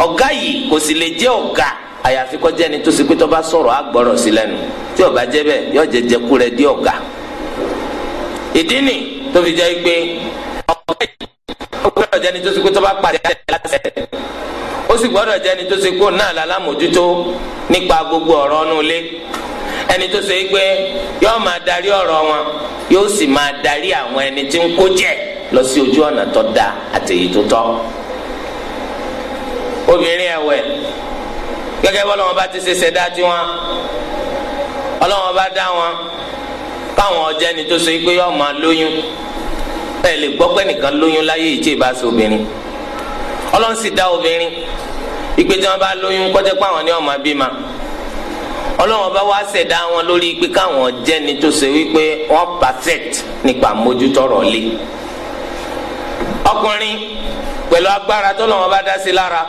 ọ̀gá yìí kò sì lè jẹ́ ọ̀gá àyàfi kó jẹ́ ni tó sì pé tó bá sọ̀rọ̀ á gbọ́rọ̀ sí lẹ́nu tí ó bá jẹ́ bẹ́ẹ̀ yóò jẹ jẹku rẹ̀ di ọ̀gá ìdí nì tó fi jẹ́ pé ọ̀gá ó gbọ́dọ̀ jẹ́ ni tó sì pé tó bá parí àyè lásẹ̀ ó sì gbọ́dọ̀ jẹ́ ni tó sì pé náà lálámòjútó nípa gbogbo ọ̀rọ̀ ọ̀nù ilé ẹni tó ṣe pé yóò máa darí ọ̀rọ̀ wọn yóò sì máa darí àwọn ẹni tí ń kó jẹ́ lọ sí ojú ọ̀nà tó dáa àtèyí tó tọ́ obìnrin ẹ̀wẹ̀ gẹ́gẹ́ bọ́lá wọn bá ti ṣe ṣẹ̀dá tiwọn ọlọ́wọ́n bá dá wọn káwọn ọjà ni tó so yìí pé yọ máa lóyún ẹ lè gbọ́ pé nìkan lóyún láyé ìtì ìbá so obìnrin ọlọ́run sì dá obìnrin ìpè tí wọ́n bá lóyún kọ́jọ́ pé àwọn ni wọ́n máa bí ma wá ṣẹ̀dá wọn lórí pé káwọn ọjà ni tó so wípé wọ́n perfect nípa mójútọ́rọ̀ lé ọkùnrin pẹ̀lú agbára tó lọ́wọ́n bá dá sí lára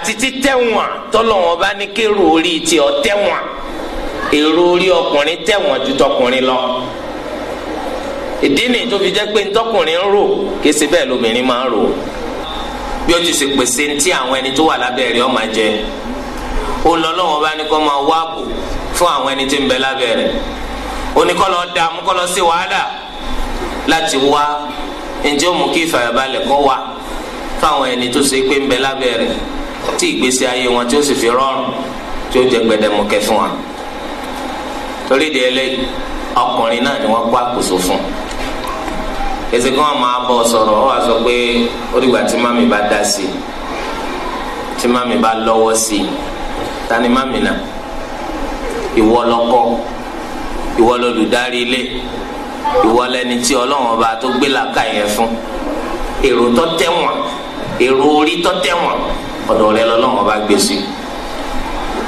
àti títẹ̀wọ̀n tọ́lọ́wọ́n bá ní kéèrò orí tí ọ tẹ̀wọ̀n èrò orí ọkùnrin tẹ̀wọ̀n ju tọkùnrin lọ ìdí nìyí tó fi jẹ́ pé ntọ́kùnrin ń rò kìí ṣe bẹ́ẹ̀ lóbìnrin máa ń rò bí ó ti ṣe pèsè ntí àwọn ẹni tó wà lábẹ́ rẹ̀ ọmọ jẹ ó lọ lọ́wọ́n bá ní kó máa wá àbò fún àwọn ẹni tí ń bẹ lábẹ́ rẹ̀ ó ní kó lọ dààmú kó lọ sí wàhálà láti wá ǹjẹ́ ó mú kí ìfàyàbalẹ̀ kó wà fáwọn ẹni tó ṣe pé ń bẹ lábẹ́ rẹ̀ tí ìgbésí ayé wọn tí ó sì fi rọrùn tí ó jẹ gbẹdẹmukẹ fún wa torí de ẹlẹ ọkùnrin náà ni wọn kó àkóso fún èsì kí wọn máa bọ sọ̀rọ̀ ọ wá sọ pé ó dìgbà tí mami bá dá sí i tí mami bá lọ́wọ́ sí i tani mami náà ìwọ lọ́kọ ìwọ lọ́lùdarí ilé ìwọ lẹni tí Ọlọ́run ọba tó gbé làákà yẹn fún èrò tó èrò orí tó ọ̀dọ̀ rẹ lọ́lọ́run ọba gbé sí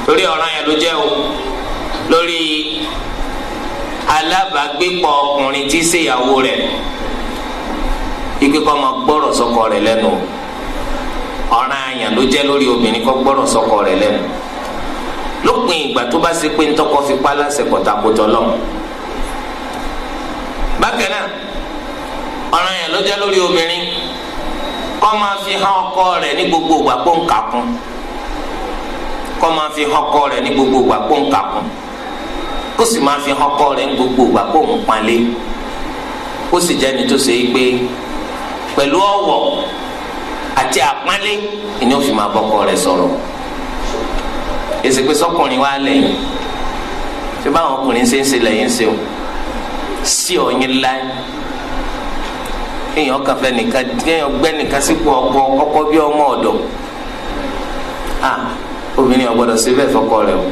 lórí ọ̀ràn yẹn ló jẹ́ o lórí alábàágbépọ̀ ọkùnrin tí í ṣèyàwó rẹ̀ ikú kọ́ máa gbọ́rọ̀ sọ́kọ rẹ̀ lẹ́nu ọ̀ràn yẹn ló jẹ́ lórí obìnrin kọ́ gbọ́rọ̀ sọ́kọ rẹ̀ lẹ́nu lópin ìgbà tó bá ṣe pé ntọ́kọ fipá láṣẹ kọ̀tàkùtọ̀ lọ́wọ́ bákan náà ọ̀ràn yẹn ló jẹ́ lórí obìnrin kó máa fi hàn ọkọ rẹ̀ ní gbogbo ìgbà kó ń kà kún kó máa fi hàn ọkọ rẹ̀ ní gbogbo ìgbà kó ń kà kún kó sì máa fi hàn ọkọ rẹ̀ ní gbogbo ìgbà kó ń panlé kó sì jẹ́ ẹni tó ṣe é gbé pẹ̀lú ọ̀wọ̀ àti àpánlé ni ó fi máa bọ́kọ rẹ̀ sọ̀rọ̀ èsì pé sọkùnrin wa lẹ́yìn tí báwọn ọkùnrin ṣe ń ṣe lẹ́yìn ṣe o sí ọ̀yin láyé èèyàn kàn fẹ́ nìkan èèyàn gbẹ́ nìkan sípò ọkọ ọkọ bí ọmọ ọ̀dọ̀ ah obìnrin ò gbọ́dọ̀ ṣe bẹ́ẹ̀ fọ́kọ rẹ̀ o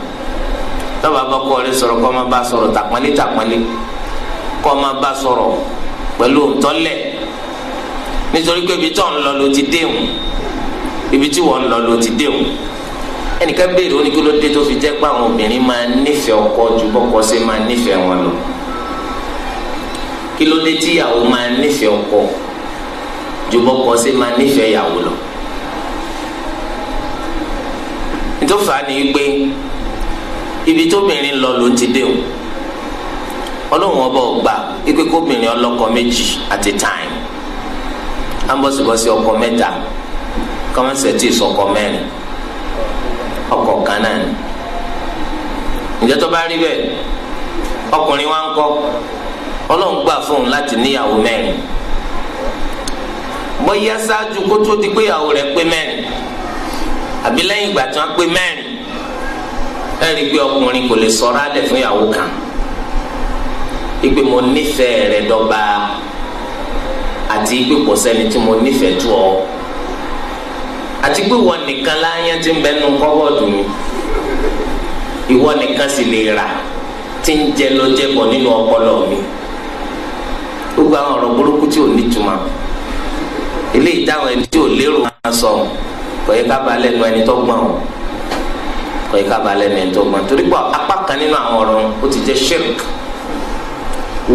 lọ́ba bá kọ́ rẹ̀ sọ̀rọ̀ kọ́ máa bá sọ̀rọ̀ tàpọ́nlé tàpọ́nlé kọ́ máa bá sọ̀rọ̀ pẹ̀lú òǹtọ́lẹ̀ nítorí pé ibi tó ń lọ ló ti déhùn ibi tí wọ́n ń lọ ló ti déhùn ẹnìkan béèrè ó ní kí ló dé tó fi jẹ́ pé àwọn obìnrin máa nífẹ̀ẹ́ ọkọ ju bọ́kọ ṣe máa nífẹ̀ẹ́ wọn lọ kí ló dé tí ìyàwó máa nífẹ̀ẹ́ ọkọ ju bọ́kọ ṣe máa nífẹ̀ẹ́ ìyàwó lọ. nítòfà ni pé ibi tóbìnrin lọ ló ti dé o ọlọ́run ọba ọgbà ikú kóbìnrin ọlọ́kọ méjì at a time ambọ̀sibọ̀sì ọkọ mẹ́ta kọ́mọ́sẹ̀tì ìsọkọ mẹ́rin ọkọ kan náà ni ìjọ tó bá rí bẹ́ẹ̀ ọkùnrin wa ń kọ́ ọlọ́run gbà fún un láti níyàwó mẹ́rin bóyá ṣáájú kó tó di pé ìyàwó rẹ̀ pé mẹ́rin àbí lẹ́yìn ìgbà tí wọ́n pé mẹ́rin ẹ rí i pé ọkùnrin kò lè sọ̀rọ̀ alẹ́ fún ìyàwó kan ìpè mo nífẹ̀ẹ́ rẹ̀ dọ́gba àti ìpè kò sẹ́ni tí mo nífẹ̀ẹ́ tó ọ àti pé ìwọ nìkan láyé ti ń bẹnu kọ́bọ̀dù mi ìwọ nìkan sì lè rà tí ń jẹ lọ bọ̀ nínú ọpọlọ mi. No gbogbo àwọn ọ̀rọ̀ burúkú tí ò ní túmọ̀ eléyìí táwọn ẹni tí ò lérò máa sọ kò yẹ ká ba lẹ́nu ẹni tó gbọ́n o kò yẹ ká ba lẹ́nu ẹni tó gbọ́n torí pé apá kan nínú àwọn ọ̀rọ̀ ó ti jẹ́ shirk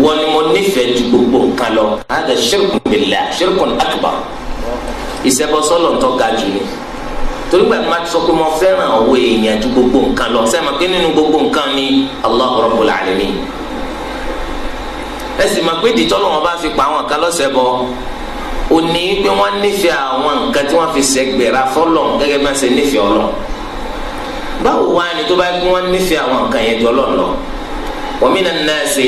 wọ́n ni mo nífẹ̀ẹ́ ju gbogbo nǹkan lọ àgbà shirkun billah shirkun akbar ìṣẹ́bọsọ́lọ̀ ń tọ́ ga jù ni torí pẹ̀lú máa ti sọ pé mo fẹ́ràn ọ̀wọ́ èèyàn ju gbogbo nǹkan lọ sẹ́mi Alamin ẹ sì mọ̀ pé ìdíjọ́ lọ́wọ́ bá fi pa àwọn kan lọ́sẹ̀ bọ́ ò ní pé wọ́n nífẹ̀ẹ́ àwọn nǹkan tí wọ́n fi ṣègbèrà fọ́lọ̀ gẹ́gẹ́ bá ṣe nífẹ̀ẹ́ ọlọ́ báwo wá ni tó bá pé wọ́n nífẹ̀ẹ́ àwọn nǹkan yẹn jọ lọ́nà wa minan nasi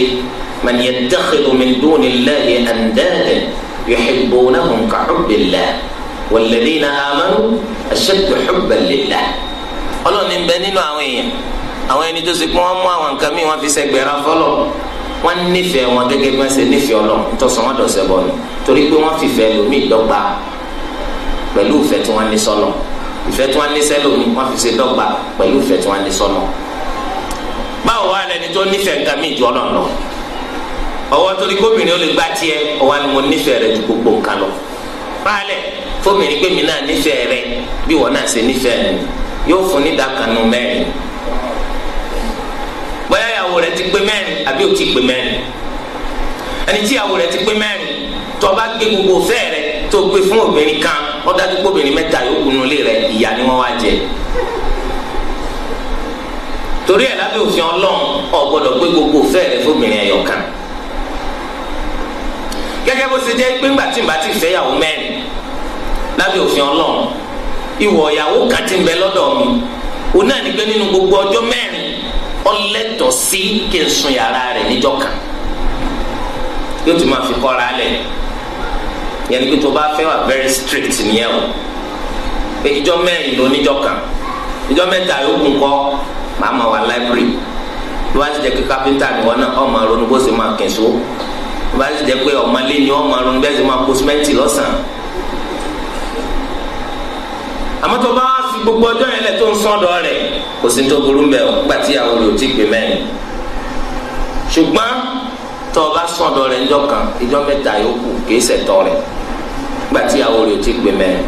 man yattakhidhu min dunillahi andadan yuhibbunahum ka hubbillah walladhina amanu nǹkan míì wọn nífẹ̀ẹ́ wọn gẹ́gẹ́ bí wọ́n ṣe nífẹ̀ẹ́ ọlọ́run tọ́sán wọn dọ̀sẹ̀ bọ̀ ni torí pé wọ́n fìfẹ́ lomi dọ́gba pẹ̀lú ìfẹ́ tí wọ́n ní sọ́lọ̀ ìfẹ́ tí wọ́n ní sẹ́lómi wọ́n fi ṣe dọ́gba pẹ̀lú ìfẹ́ tí wọ́n ní sọ́lọ̀ báwo wá lẹni tó nífẹ̀ẹ́ nǹkan mí ju ọlọ́run lọ ọwọ́ torí kóbìnrin ó lè gbá tiẹ̀ ọwọ́ ni mo nífẹ̀ẹ́ rẹ ju gbogbo nǹkan lọ báàlẹ̀ fóbìnrin pé mi náà nífẹ̀ẹ́ rẹ bí wọ́n náà ṣe nífẹ̀ẹ́ rẹ yóò fún nídàkànnù mẹ́rin ìyàwó rẹ ti pé mẹ́rin àbí ò ti pé mẹ́rin ẹni tí ìyàwó rẹ ti pé mẹ́rin tó bá gbé gbogbo fẹ́ rẹ tó gbé fún obìnrin kan ó dájú pé obìnrin mẹ́ta yòókù nulẹ̀ rẹ ìyá ni wọ́n wá jẹ torí ẹ̀ lábẹ́ òfin ọlọ́run ò gbọ́dọ̀ gbé gbogbo fẹ́ rẹ fóbìnrin ẹ̀yọ̀ kan gẹ́gẹ́ bó ṣe jẹ́ pé ńgbà tí n bá ti fẹ́ ìyàwó mẹ́rin lábẹ́ òfin ọlọ́run ìwọ ìyàwó kan ti ń bẹ lọ́dọ̀ mi òun náà ní pé nínú gbogbo ọjọ́ mẹ́rin ọlẹ́tọ̀ sí kí n sun yàrá rẹ̀ níjọ́ kan yóò tún máa fi kọ́ra lẹ̀ yẹn níbi tó bá fẹ́ wà very strict nìyẹn o pé ìjọ mẹ́rin ló níjọ́ kan ìjọ mẹ́ta yóò kún kọ́ màá ma wà library bí wàá ti jẹ́ pé kápẹ́ntà nìwọ náà ọ̀ máa ronú bó ṣe máa kẹ̀só bí wàá ti jẹ́ pé ọ̀mọlé ni ọ̀ máa ronú bẹ́ẹ̀ ṣe máa kó símẹ́ǹtì lọ́sàn-án àmọ́ tó bá fi gbogbo ọjọ́ yẹn lẹ̀ tó ń sọ́dọ̀ rẹ̀ kò sí tó burú mbẹ́ o gbà tí àwọn olùtí pè mẹ́rin ṣùgbọ́n tó o bá sọ́dọ̀ rẹ̀ ńjọ́ kan ìjọ́ mẹ́ta yòókù kìí ṣẹ̀tọ́ rẹ̀ gbà tí àwọn olùtí pè mẹ́rin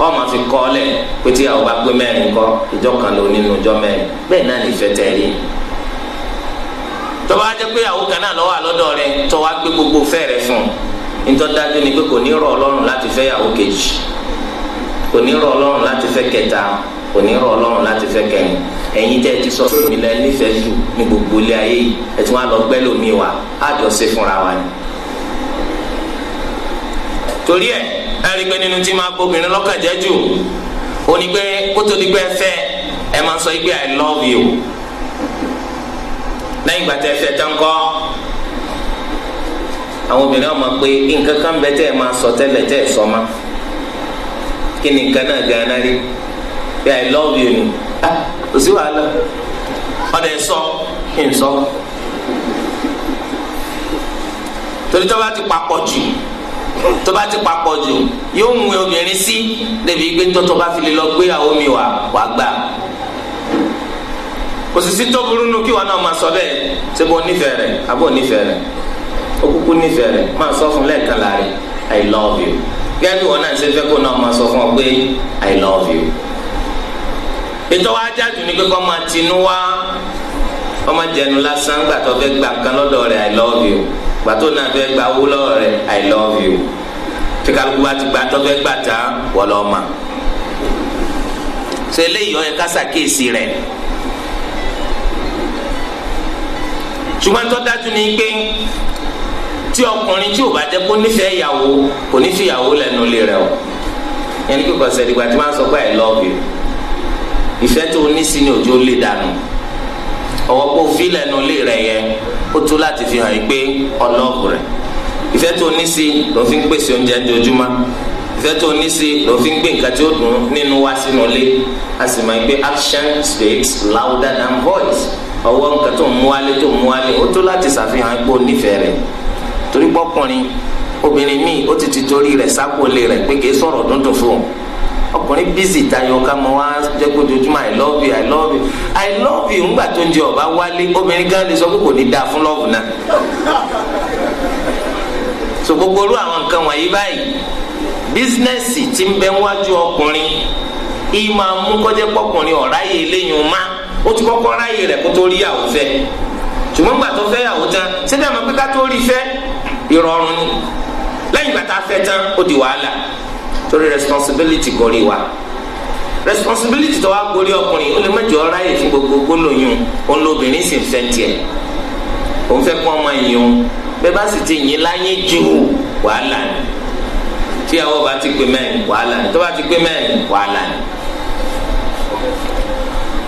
wọ́n máa fi kọ́ lẹ̀ pé tí àwọn bá pé mẹ́rin kọ́ ìjọ́ kan ló nínú ìjọ́ mẹ́rin bẹ́ẹ̀ náà ní ìfẹ́ tẹ̀lé tó bá jẹ́ pé àwọn kan náà lọ́wọ́ àlọ́dọ̀ ni pé kò ní rọ̀ ọlọ́run kò rọ ọlọ́run láti fẹ́ kẹta kò rọ ọlọ́run láti fẹ́ kẹrin ẹ̀yin tẹ́ ẹ ti sọ fún mi lẹ́ nífẹ̀ẹ́ jù ní gbogbo ilé ayé yìí ẹ ti wá lọ gbẹ́ lómi wa á ṣe fúnra wa ni. torí ẹ ẹ rí i pé nínú tí máa gbóbìnrin lọ́kàn jẹ́ jù ó ní pé kótó pé fẹ́ ẹ máa sọ pé i love you lẹ́yìn ìgbà tẹ́ fẹ́ tán kọ́ àwọn obìnrin ọmọ pé nǹkan kan bẹ ẹ máa sọ tẹ́lẹ̀ ẹ sọ máa. kí ni nǹkan náà gánà i love you ni ah, kò sí wàhálà ọ̀dẹ̀ sọ kí n sọ. torí tó bá ti papọ̀ jù tó bá ti papọ̀ jù yóò mú obìnrin sí débi gbé tọ́tọ́ bá fi lè lọ gbé àwọn omi wà wá gbà kò tó burú nù kí wọn náà máa sọ bẹ́ẹ̀ ṣé bó nífẹ̀ẹ́ rẹ̀ àbó nífẹ̀ẹ́ rẹ̀ ó kúkú nífẹ̀ẹ́ máa sọ fún lẹ́ẹ̀kan láàrin i love you gẹ́gẹ́ wọn náà ṣe fẹ́ kó náà máa sọ fún ọ pé i love you ètò wa jáde ní pé kó máa tinú wá ọmọ jẹnu lásán gbà fẹ́ gba nǹkan lọ́dọ̀ rẹ̀ i love you gbà tó náà fẹ́ gba owó lọ́dọ̀ rẹ̀ i love you tí kálukú bá ti gba tó fẹ́ gbà tá wọ́n lọ́ọ́ ma ṣe eléyìí ọ̀yẹ́ kásá kéèsì rẹ̀ ṣùgbọ́n tó dájú ni pé tí ọkùnrin tí ò bá jẹ́ kó nífẹ̀ẹ́ ìyàwó kò ní fi ìyàwó lẹ́nu ilé rẹ̀ o yẹn kí kọsẹ̀ dìgbà tí wọ́n sọ pé i love you ìfẹ́ tó ní sí ni òjò lè dànù ọwọ́ kó fi lẹ́nu ilé rẹ̀ yẹ ó tó láti fi hàn yín pé ọlọ́ọ̀bù rẹ̀ ìfẹ́ tó ní sí ló fi ń pèsè oúnjẹ ojoojúmọ́ ìfẹ́ tó ní sí ló fi ń gbé nǹkan tí ó dùn nínú wá sínú ilé a sì máa ń action speaks louder than voice ọwọ́ nǹkan tó ń mú wálé tó ń mú wálé ó tó láti ṣàfihàn ipò nífẹ̀ẹ́ rẹ̀ torí gbọ́kùnrin obìnrin míì ó ti ti torí rẹ̀ sápòlé rẹ̀ pé kìí sọ̀rọ̀ fún un ọkùnrin bísí i love you i love you i love you ńgbà tó ń jẹ ọba wálé obìnrin gan lè sọ pé kò ní dáa fún lọ́ọ̀bù náà so gbogbo irú àwọn nǹkan wọ̀nyí báyìí bísínẹ́sì tí ń bẹ wájú ọkùnrin ó ti kọ́kọ́ ráyè rẹ̀ kó tó rí ṣùgbọ́n gbà tó fẹ́ ìrọ̀rùn ni lẹ́yìn bàtà fẹ́ tán ó di wàhálà torí responsibility gorí wa responsibility tó wá gorí ọkùnrin ó lè mẹ́jọ ọ̀rá yìí fún gbogbo gbólóyún òun lóbìnrin sì ń fẹ́ tiẹ̀ òun fẹ́ kọ́ ọmọ yìí òun bẹ́ẹ̀ bá sì ti yìn láyé jù wàhálà ni tíyàwó bá ti pè mẹ́rin wàhálà ni tó bá ti pè mẹ́rin wàhálà ni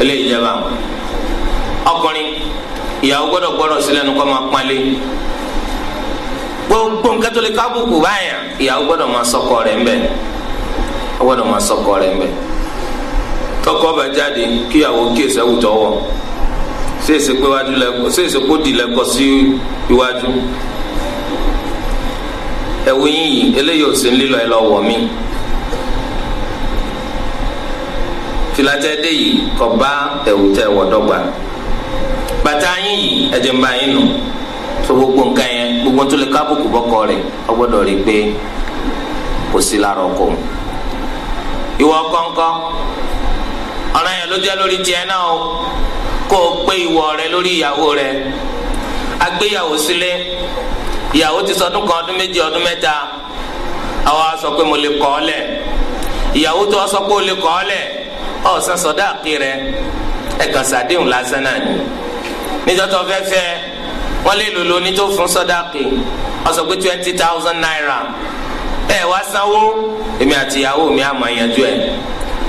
eléyìí jẹ́ báwọn ọkùnrin ìyàwó gbọ́dọ̀ gbọ́dọ̀ sílẹ̀ nu kọ́ máa pọ́nlé gbogbo nǹkan tó lè ká bùkù báyà ìyàwó gbọ́dọ̀ máa sọkọ rẹ̀ ńbẹ̀ gbọ́dọ̀ máa sọkọ rẹ̀ ńbẹ̀ tọkọ bá jáde kíyàwó kíyèsí àwùjọ wọ ṣèèṣe pé wájú lẹkọ ṣèèṣe kó di lẹkọ sí iwájú ẹwù yín yìí eléyìí ò sí lílọ ẹ lọ wọ mí filatẹ dé yìí kọ bá ẹwù tẹ wọ dọ́gba bàtà yín yìí ẹjẹ ń yín nù so gbogbo nǹkan yẹn gbogbo tó lè kábùkù bọ́kọ rẹ̀ ọ gbọ́dọ̀ rí i pé kò sí lára ọkọ òun. ìwọ kọ́ńkọ́ ọ̀ràn yẹn ló jẹ́ lórí tiẹ̀ náà o kó o pé ìwọ rẹ lórí ìyàwó rẹ agbéyàwó sílé ìyàwó ti sọdún kan ọdún méjì ọdún mẹ́ta àwọn aṣọ pé mo lè kọ́ ọ lẹ̀ ìyàwó tó sọ pé o lè kọ́ ọ lẹ̀ ọ̀ sẹ́sọ̀dá àkè rẹ ẹ̀kan sàdéhùn lásán náà ni níjọ́ tó fẹ́ fẹ́ wọ́n lè lò lóní tó fún sọ́dáàkì ọ̀sọ̀ pé twenty thousand naira ẹ wá sanwó èmi àti ìyàwó mi àmọ́ ìyànjú ẹ̀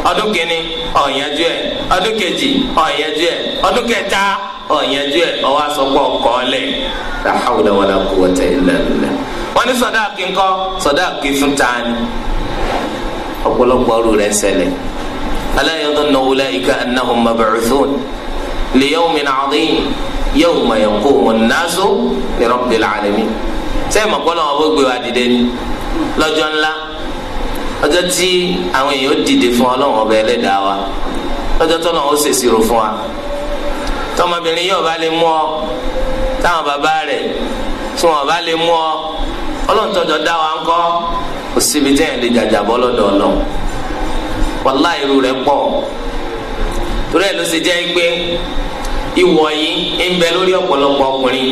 ọdún kìíní ọ̀yànjú ẹ̀ ọdún kejì ọ̀yànjú ẹ̀ ọdún kẹta ọ̀yànjú ẹ̀ ọwọ́ àsọpọ̀ kọ́ọ̀lẹ̀ la hawla wala quwwata illa billah wọ́n ní sọ́dáàkì ńkọ́ sọ́dáàkì fún tani ọ̀pọ̀lọpọ̀ ọ̀rù rẹ̀ ń ṣẹlẹ̀ ala yadhunnu ulaika annahum mab'uthun li yawmin 'adhim yawma yaqumu an-nasu li rabbil alamin sẹ́yìn mọ̀kọ́lọ́ wọn bó gbé wa dìde ni lọ́jọ́ ńlá ọjọ́ tí àwọn èèyàn dìde fún ọlọ́run ọba ẹlẹ́dàá wa lọ́jọ́ tó náà ó ṣèṣirò fún wa tọmọbìnrin yóò bá lè mú ọ táwọn bàbá rẹ̀ tí wọn bá lè mú ọ ọlọ́ntọ́jọ́ dá wa ńkọ́ kò síbi tẹ́yìn lè jàjà lọ́dọ̀ ọlọ́run wàláhì irú pọ̀ torí ẹ̀ ló ṣe jẹ́ pé ìwọ yìí ń bẹ lórí ọ̀pọ̀lọpọ̀ ọkùnrin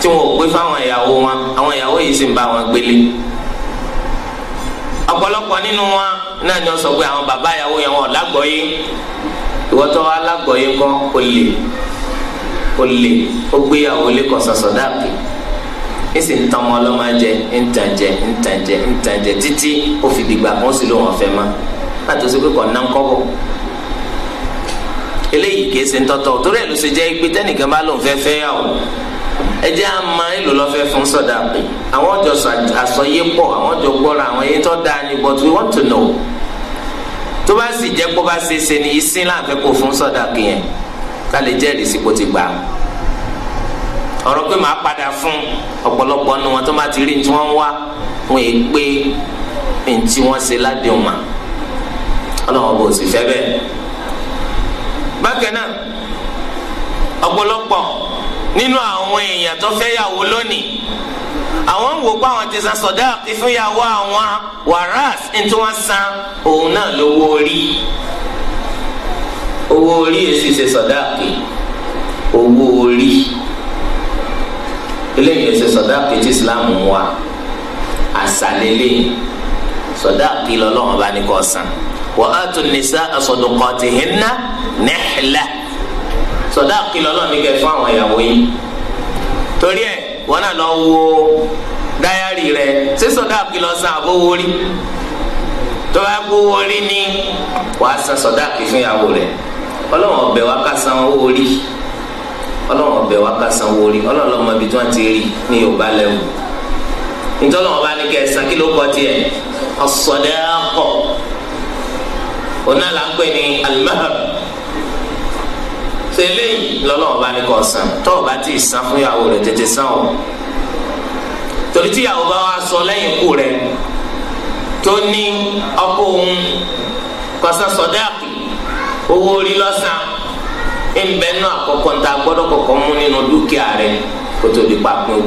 tí wọn ò gbé fáwọn ìyàwó wọn àwọn ìyàwó yìí sì ń bá wọn gbélé ọ̀pọ̀lọpọ̀ nínú wọn náà ni wọ́n sọ pé àwọn bàbá ìyàwó yẹn wọn lágbọ̀ọ́yé ìwọ́tọ́ alágbọ̀ọ́yé kò lè kò lè ó eléyìí kìí ṣe ń tọ́tọ́ torí ẹ̀ ló ṣe jẹ́ pé tẹ́nìkan bá lòun fẹ́ fẹ́ yà ó ẹ jẹ́ à máa fún sọ̀dà pé àwọn ọjọ́ àsọyé pọ̀ àwọn ọjọ́ gbọ́ra àwọn yẹn tó dáa ni but we want to know tó bá sì jẹ́ kó bá ṣe ṣe ni ìsín láǹfẹ́ kó fún sọ̀dà kìyẹn ká lè jẹ́rìí sí kó ti gbà ọ̀rọ̀ pé màá padà fún ọ̀pọ̀lọpọ̀ nu wọn tó bá ti rí ní tí wọ́n wá wọn è pé ní tí wọ́n ṣe ládéhùn mà bò sì fẹ́ bẹ́ẹ̀ bákan náà ọ̀pọ̀lọpọ̀ nínú àwọn èèyàn tó fẹ́ yàwó lónìí àwọn wò pé àwọn ti san sọdá àti fúnyàwó àwọn wàràs ntí wọ́n san òun náà lówó orí owó orí èsì ṣe sọdá àti owó orí eléyìí ẹsẹ sọdáàpì tí islam wà àṣà lélẹyìn sọdáàpì lọ́lọ́run bá ní kó san wa atu nisaa saduqatihinna nihla sọdá kìlọ́lọ́ ní kẹfọ́ àwọn ìyàwó yìí torí ẹ wọn náà lọ wo dáyàrí rẹ ṣé sọdá kìlọ́ san àbówó rí tó bá gbówó rí ní wàá san sọdá kì fún ìyàwó rẹ ọlọ́wọ́n ọbẹ̀ wa ká san owó rí ọlọ́wọ́n wa ká san owó rí ọlọ́wọ́n lọ́mọ ibi tí ti rí ní yorùbá lẹ́wù nítorí bá ní kẹsàn kí ló kọ tiẹ̀ as-sadaqa ona la ń pè ní alimahab sele lọ́lọ́run bá ní kọ san tó bá ti san fún yàwó rẹ̀ tètè san o torí tí yàwó bá wá sọ lẹ́yìn ikú rẹ̀ tó ní ọkọ òun kọsán sọdáàkì owó orí lọ́sàn ń bẹ́ẹ̀ nù àkọ́kọ́ ń ta mú nínú dúkìá rẹ̀ kótó di pa pín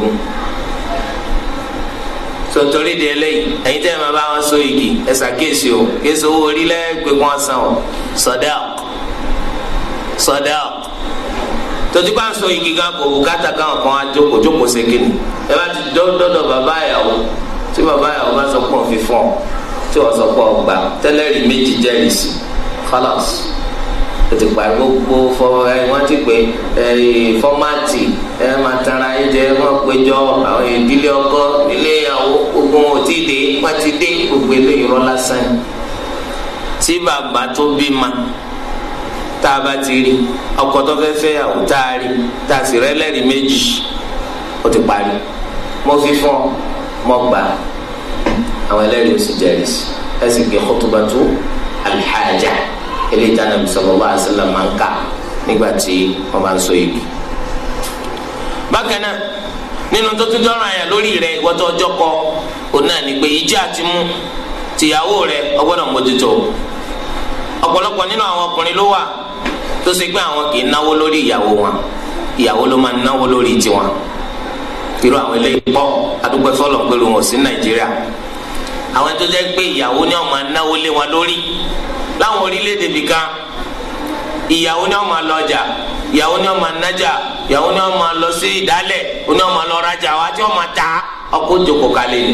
tontori di eléyìí ẹ̀yin tẹ́ ẹ máa bá wọn so igi ẹ ṣàkíyèsí o kéésì owó orí lẹ́gbẹ̀ẹ́ kí wọ́n san o sọdẹ́ọ̀ sọdẹ́ọ̀ tonti bá ń so igi gan kò bùkátà káwọn kan á jókòó jókòó sékìnì ẹ bá ti dọ́dọ̀ bàbá ìyàwó tí bàbá ìyàwó bá sọ pọ̀ fífọ́ tí wọ́n sọ pọ̀ gbà tẹ́lẹ̀rì méjì jẹ́rìí sí kọ́lọ́s ètò gbogbo fọ ẹ wọ́n ti pè ẹ fọ́mátì ẹ máa tara ẹ jẹ wọ́n péjọ àwọn ìdílé ọkọ nílé gbogbo wọn ò tí ì dé wọn ti dé gbogbo eléyìí rọ lásán yìí tí bàbá tó bí ma tá a bá ti rí ọkọ tó fẹ́ fẹ́ yàwó tá a rí tá a sì rẹ́ lẹ́rìí méjì ó ti parí mo fi fún ọ mo gbà àwọn ẹlẹ́rìí ó sì jẹ́rìí sí ẹ sì gbé khutubatu alhaja eléyìí tánà bisalòlá àṣìlá máa ń kà nígbà tí wọn bá ń so igi. bákan náà nínú tó tún jọra yẹn lórí rẹ ìwọ́tọ̀ ọjọ́ kọ òun náà ni pé ijó àti mú tìyàwó rẹ ọgbọ́dọ̀ mójútó ọ̀pọ̀lọpọ̀ nínú àwọn ọkùnrin ló wà tó ṣe pé àwọn kì í náwó lórí ìyàwó wọn ìyàwó ló máa náwó lórí tiwọn irú àwọn eléyìí pọ̀ adúpẹ́ fọlọ pẹ̀lú wọn sí nàìjíríà àwọn tó jẹ́ pé ìyàwó ni wọn máa náwó lé wọn lórí láwọn orílẹ̀-èdè bìkan ìyàwó ni wọn máa lọ ọjà ìyàwó ni wọn máa nájà ìyàwó ni wọn máa lọ sí ìdálẹ̀ ìyàwó ni wọn máa lọ rajà àwa tí wọn máa ta á ọkọ jókòó kalẹ̀ ni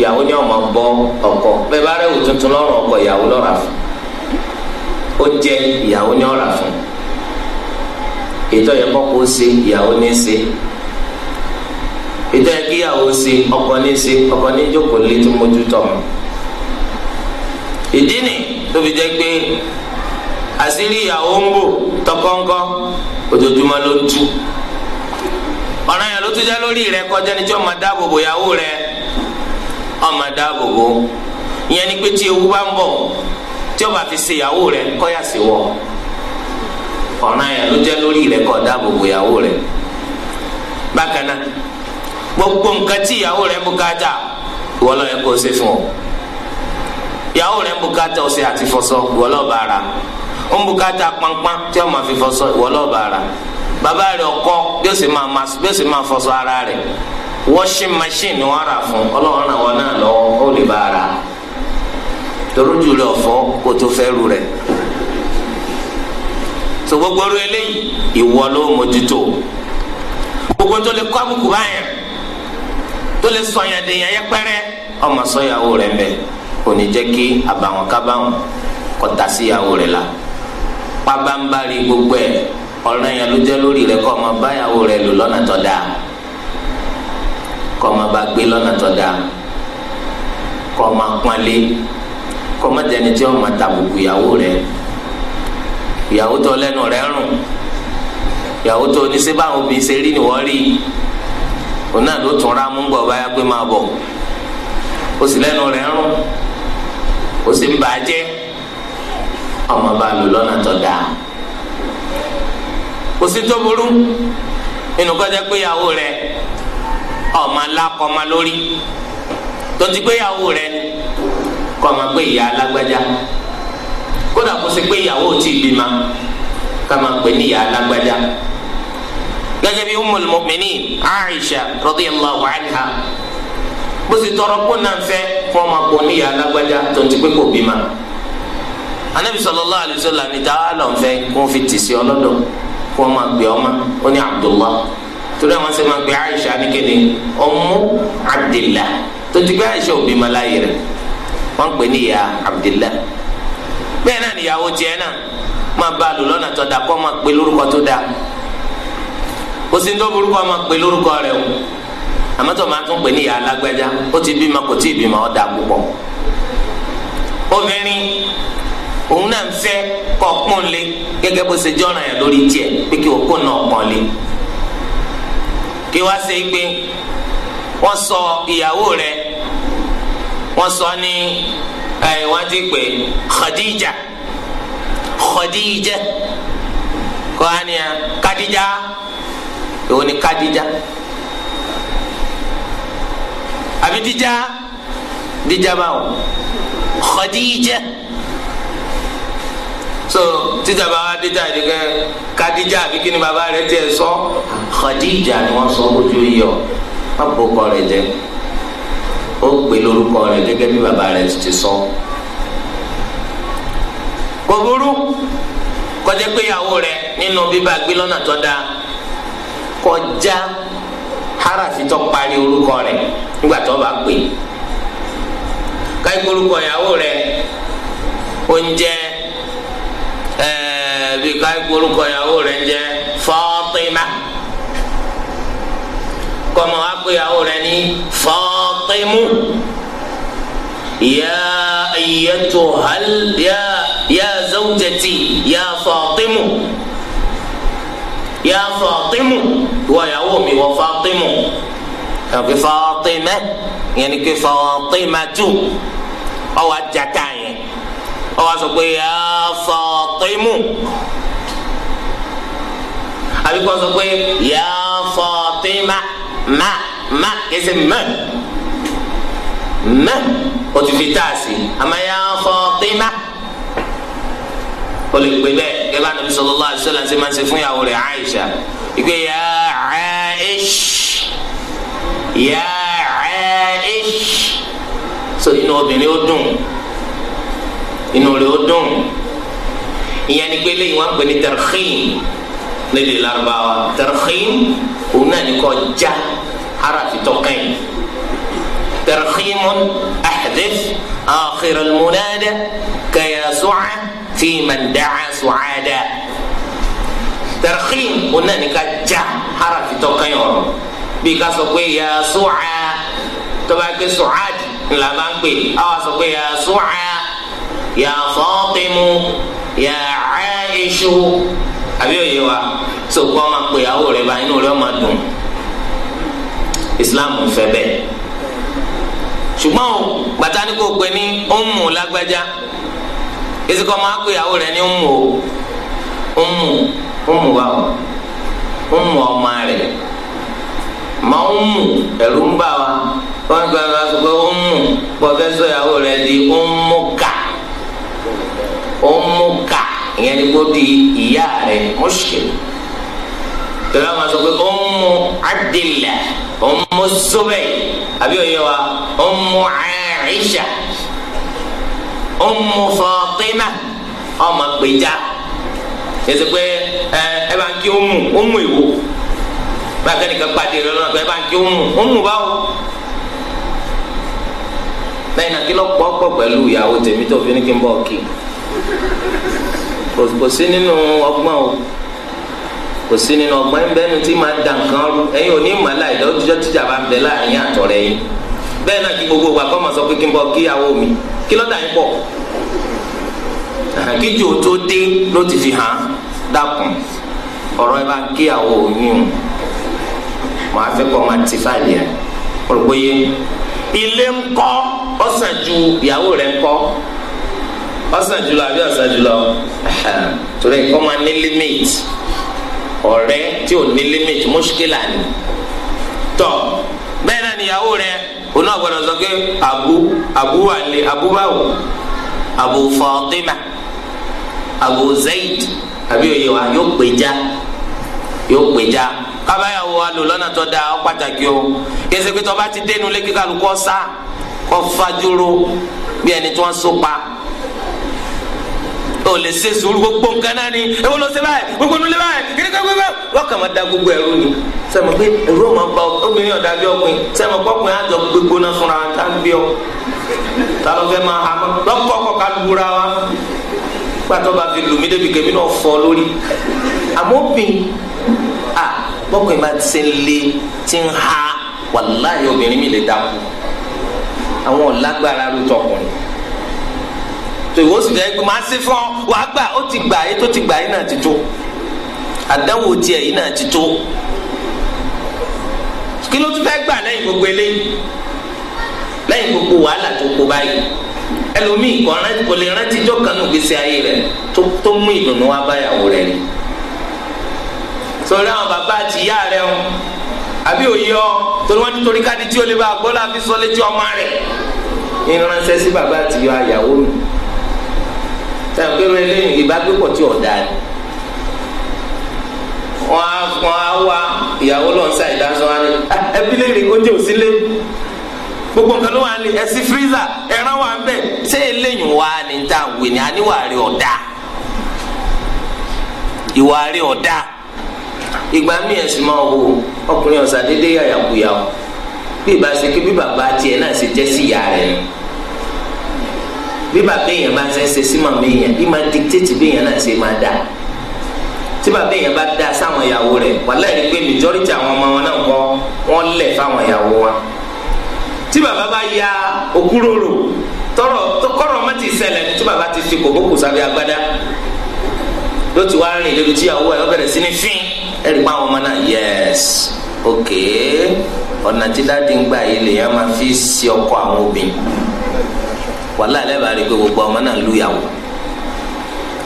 ìyàwó ni ọmọ bọ ọkọ bẹ́ẹ̀ bá rẹ wò tuntun lọ́rùn ọkọ ìyàwó lọra fún ó jẹ ìyàwó ni ọra fún ètò yẹ kọkọ ṣe ìyàwó ni ṣe ètò yẹ kí ìyàwó ṣe ọkọ ni ṣe ọkọ ni jókòó lé tó mójútó ọmọ ìdí ni tó fi jẹ pé àṣírí ìyàwó ń bò tọkọńkọ ojoojúmọ́ ló ń tú. ọ̀ràn yẹn ló tún jẹ́ lórí rẹ kọjá ni tí ọmọ dáàbò yàwó rẹ ọmọ dáàbò ìyẹn ni pé tí ewu bá ń bọ̀ tí ọba fi se yàwó rẹ kọ́yà sí wọ ọ̀ràn yẹn ló jẹ́ lórí rẹ kọ́ yàwó rẹ bákan náà gbogbo nǹkan tí ìyàwó rẹ yẹ kó o ṣe ọ ìyàwó rẹ Baba rẹ̀ ọkọ bí ó sì máa ma bí ó sì máa fọṣọ ara rẹ washing machine ni wọ́n rà fún ọlọ́run ràn wọ́n náà lọ́wọ́ ó lè bá ara torójú rẹ̀ ọfọ kó tó fẹ ru rẹ tó gbogbo ru eléyìí ìwọ ló mójútó gbogbo tó lè báyẹn tó lè sọyàn dèèyàn ọmọ la gbogbo ọ̀ràn yẹn ló jẹ́ lórí rẹ kọ́ ọmọ báyàwó rẹ lò lọ́nà tó dáa kọ́ ọmọ bá gbé lọ́nà tó dáa kọ́ pọ́nlé kọ́ jẹni tí ọmọ tàbùkù ìyàwó rẹ ìyàwó tó lẹ́nu rẹ rùn ìyàwó tó ní sẹ́ báwọn obìnrin ṣe rí ni rí òun náà ló tún báyà pé máa bọ̀ ó rẹ rùn ó sì ń bàjẹ́ bá lò lọ́nà tó kò sí tó burú inú kọjá pé ìyàwó rẹ ọmọ alákọọmọ lórí tó ti pé ìyàwó rẹ kọ ọmọ pé ìyá alágbájá kódà kó ṣe pé ìyàwó ò tí ì bímọ ká máa pè ní ìyá alágbájá gẹ́gẹ́ bí umul mu'minin aisha radiyallahu anha bó sì tọrọ kó náà fẹ́ kó ọmọ pò ní ìyá alágbájá tó ti pé kò bímọ anabi sallallahu alaihi wasallam ni tá a lọ fẹ́ kó fi tì sí ọlọ́dọ̀ kó ọmọ àgbẹ̀ ọmọ ó ní abdullah torí àwọn sẹ́ni máa gbé aisha ní kéde ọmú abdillah tó ti gbé aisha òbí ma láàyè rẹ̀ wọ́n pè ní ìyá abdillah bẹ́ẹ̀ náà níyàwó tiẹ̀ náà máa bá a lò lọ́nà tó da kó máa pè lórúkọ tó da kó sì ń tó burúkọ máa pè lórúkọ rẹ̀ o àmọ́ tó máa tún pè ní ìyá alágbájá ó ti bímọ kò tí ì bímọ ó da púpọ̀ obìnrin òun náà ń fẹ́ kọ́ pọ́n lé bó ṣe jọ́ra yẹn lórí tiẹ̀ pé kí òkú náà pọ́n lé kí wá ṣe pé wọ́n sọ ìyàwó rẹ̀ wọ́n sọ ní ẹ̀ wọ́n ti pè Khadija Khadija kọ́ á ní Kadija èwo ni Kadija àbí Dija Dija báwo Khadija so títa bá wá dídá yìí kẹ kadija àbí kí ni bàbá rẹ tiẹ̀ sọ Khadija ni wọ́n sọ ojú yìí ọ má bò kọ rẹ jẹ ó pè lórúkọ rẹ gẹ́gẹ́ bí bàbá rẹ ti sọ kò burú kọjá pé ìyàwó rẹ nínú bíbá gbé lọ́nà tó dáa kọjá harafi tó parí orúkọ rẹ nígbà tó bá pè káyọ̀ orúkọ ìyàwó rẹ ká ìgbórúkọ ìyàwó rẹ̀ ń jẹ́ Fatima kọ́mọ wa pé ìyàwó rẹ̀ ní Fatimu ya ayyatuhal ya ya zawjati ya Fatimu ya Fatimu wọ ìyàwó mi wọ Fatimu àfi Fatima yẹn ni pé Fatimatu ọwọ́ ajata yẹn ọwọ́ sọ pé ya Fatimu àbí kò sọ pé yà Fatima má má kẹsẹ̀ mẹ́ mẹ́ o ti fi tá a sí àmọ́ yà Fatima o lè gbé bẹ́ẹ̀ gẹ́gẹ́ bá nàbí sallallahu alaihi wasallam ṣe máa ń ṣe fún ìyàwó rẹ̀ Aisha ìgbé yà Aish yà Aish so inú obìnrin ó dùn inú rẹ̀ ó dùn ìyẹn ni pé lẹ́yìn wọn pè ní tarhin. lédè Lárúbáwá tarxin òun ní kó já harafi tó kẹ́yìn tarximun ahdif akhiral munada kaya su'a fi man da'a su'ada tarxin òun ní ká já harafi tó kẹ́yìn ọ̀rọ̀ bí ká sọ pé ya su'a tó bá ké su'ad la bá ń pè àwọn sọ pé ya su'a ya Fatimu ya Aishu. àbí òye wa so kọ́ máa pè àwọ̀ rẹ̀ bá inú rẹ̀ máa dùn islam fẹ́ bẹ́ẹ̀ ṣùgbọ́n o gbàtà ni kò pè ní ọmọ lágbájá èsì kọ́ máa pè àwọ̀ rẹ̀ ní ọmọ o ọmọ ọmọ wa o ọmọ ọmọ rẹ̀ máa ń mú ẹ̀rú ń bà wá wọ́n gba ẹ̀rọ aṣọ pé ó ń mú pọfẹ́sọ̀ ìyàwó rẹ̀ di ó ń mú ká ó ń mú ká ìyẹn ni kó di ìyá rẹ̀ mushkil tọ́lá máa sọ pé ọmọ adìlẹ̀ ọmọ sọ́bẹ̀ àbí òye wa ọmọ Aisha ọmọ Fatima ọmọ gbèjà yẹsẹ pé ẹ ẹ bá ń kí ọmọ ọmọ ìwò bá kẹ́nìkan pàdé rẹ lọ́nà pé ẹ bá ń kí ọmọ ọmọ báwo lẹ́yìn náà kí lọ́pọ̀ pẹ̀lú ìyàwó tèmi fi ní kí n bọ̀ kí kò sí nínú ọgbọ́n o kò sí nínú ọgbọ́n ẹnbẹ́nu tí máa da nǹkan rú ẹ̀yin ò ní mọ̀ láì lọ́jọ́ tíjà bá ń bẹ láàrin àtọ̀rẹ́ yín bẹ́ẹ̀ náà kí gbogbo wa kọ́ máa sọ pé kí n bọ kíyàwó mi kí lọ́dà yín pọ̀ kí jò tó dé ló ti fi hàn dákun ọ̀rọ̀ ẹ bá kíyàwó yín o màá fẹ́ kọ́ máa ti fáìlì ẹ̀ kọ́ ló gbóyè ilé ńkọ́ ọ̀sán ju ìyàwó rẹ̀ ńkọ́ ọ̀sán jùlọ àbí ọ̀sán jùlọ torí kọ́ máa ní limit ọ̀rẹ́ tí ò ní limit mọ́ṣíkìlà ni tọ́ bẹ́ẹ̀ náà níyàwó rẹ̀ òun náà gbọ́dọ̀ sọ pé abu abu wale abu bawo abu fatima abu zaid àbí òye wa yóò pè já yóò pè já kábàyàwó wa lò lọ́nà tó dáa ó pàtàkì o kése pé tó bá ti dénú lé kíkà sá kọ́ fajúro bí ẹni tí wọ́n so pa ò lè ṣe sùúrù gbogbo nǹkan náà ni èwo ló ṣe báyìí gbogbo nílé báyìí kíríkà gbogbo wọn kàn máa da gbogbo ẹrú ni sẹmọ pé ẹrú ọmọ bá obìnrin ọ̀dà bí ọkùnrin sẹmọ pọkùnrin àjọ gbogbo náà fúnra ta ń bí ọ ta ló fẹ́ máa hàmọ́ lọ́kọ́ ọkọ̀ wa pàtó bá fi lùmí débi kèmí náà fọ́ lórí àmọ́ pin à bọ́kùnrin bá ti le ti ha wàláyé obìnrin mi lè dákú àwọn ọ̀lágbára ló tọkùnrin tòwó sì jẹ́ pé màá ṣe fún ọ wàá gbà ó ti gbà yìí tó ti gbà yìí náà ti tó àdánwò tiẹ̀ yìí náà ti tó kí ló tún fẹ́ gbà lẹ́yìn gbogbo eléyìí lẹ́yìn gbogbo wàhálà tó kó báyìí ẹlòmíì kan kò lè rántí ijó kan nù gbèsè ayé rẹ̀ tó mú ìdùnnú wá báyàwó rẹ̀ ni sọ̀rọ̀ àwọn bàbá àti ìyá rẹ̀ o àbí òye ọ torí wọ́n ti torí káàdì tí o lè bá a gbọ́ láfi sọ létí ọmọ rẹ̀ ìránṣẹ́ sí bàbá àti ìyá àyàwó mi. táwọn kéré lẹ́yìn ìbágbépọ̀ tí ọ̀dà ni wọ́n á wọ́n á wá ìyàwó lọ sí àìdáṣọ wa ni ah, ẹbí lè rí oúnjẹ gbogbo nǹkan ló wà ní ẹsí fírísà ẹran wà ń ṣé wà ní ta wè ní aníwàárí ọ̀dà ìwàárí ọ̀dà ìgbà ẹ̀sìn máa ọkùnrin ọ̀sà bí bàbá tiẹ̀ náà ṣe bí bàbá èèyàn bá ṣe ń ṣe sí màmá èèyàn bí máa dictate bí èèyàn náà ṣe máa dà tí bàbá èèyàn bá dá sáwọn ìyàwó rẹ̀ wàhálà rí pé majority àwọn ọmọ wọn náà kọ́ wọ́n lẹ̀ fáwọn ìyàwó wọn tí bàbá bá ya òkúròrò tọrọ tọkọrọ má ti ṣẹlẹ̀ tí bàbá ti fi kòkókò sábẹ́ agbádá ló ti wá rìn lórí tíyàwó ẹ̀ ó bẹ̀rẹ̀ sí ní fín ẹ̀rí pa àwọn ọmọ náà yẹ́s ok ọ̀nà tí dáàdi ń gbà yìí lèèyàn máa fi sí wàhálà ẹlẹ́bàá rí i pé gbogbo ọmọ náà lu ìyàwó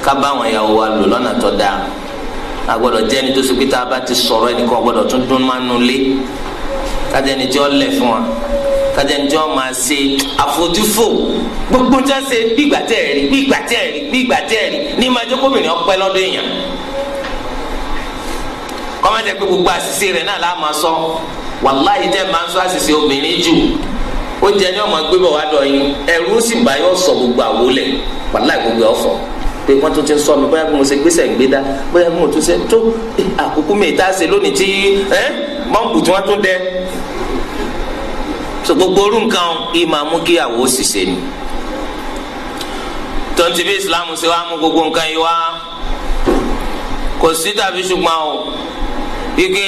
ká bá àwọn ìyàwó wa lò lọ́nà tó dáa a gbọ́dọ̀ jẹ́ ẹni tó so pé tá a bá ti sọ̀rọ̀ ẹnìkan gbọ́dọ̀ tún dún máa nu lé kájẹ́ ẹni tí ó lẹ̀ fún wa kájẹ́ ẹni tí ó máa ṣe àfojúfò gbogbo já ṣe gbígbà tẹ́ ẹ̀rí gbígbà tẹ́ ẹ̀rí gbígbà tẹ́ ẹ̀rí ní máa jẹ́ kómìnir ọpẹ́ lọ́dọ̀ èèyàn kọ́mẹ́tẹ̀ pé gbogbo àṣìṣe rẹ̀ náà lá oúnjẹ ni ọmọ gbé bọ̀ wá dọ̀ yín ẹ̀rú sì bá yọ sọ gbogbo àwo lẹ̀ wàhálà gbogbo ọ̀fọ̀ pé wọ́n tún ti sọ mi bóyá bí mo ṣe gbèsè gbé dá bóyá bí mo tún ṣe tó àkókò mi ìta ṣe lónìí tí mọ́ǹkù tí wọ́n tún dẹ. so gbogbo orú nǹkan ìmọ̀ mú kí àwo ṣiṣẹ́ ni tonti bí Islam ṣe wá mú gbogbo nǹkan yìí wá kò sí tàbí ṣùgbọ́n o wípé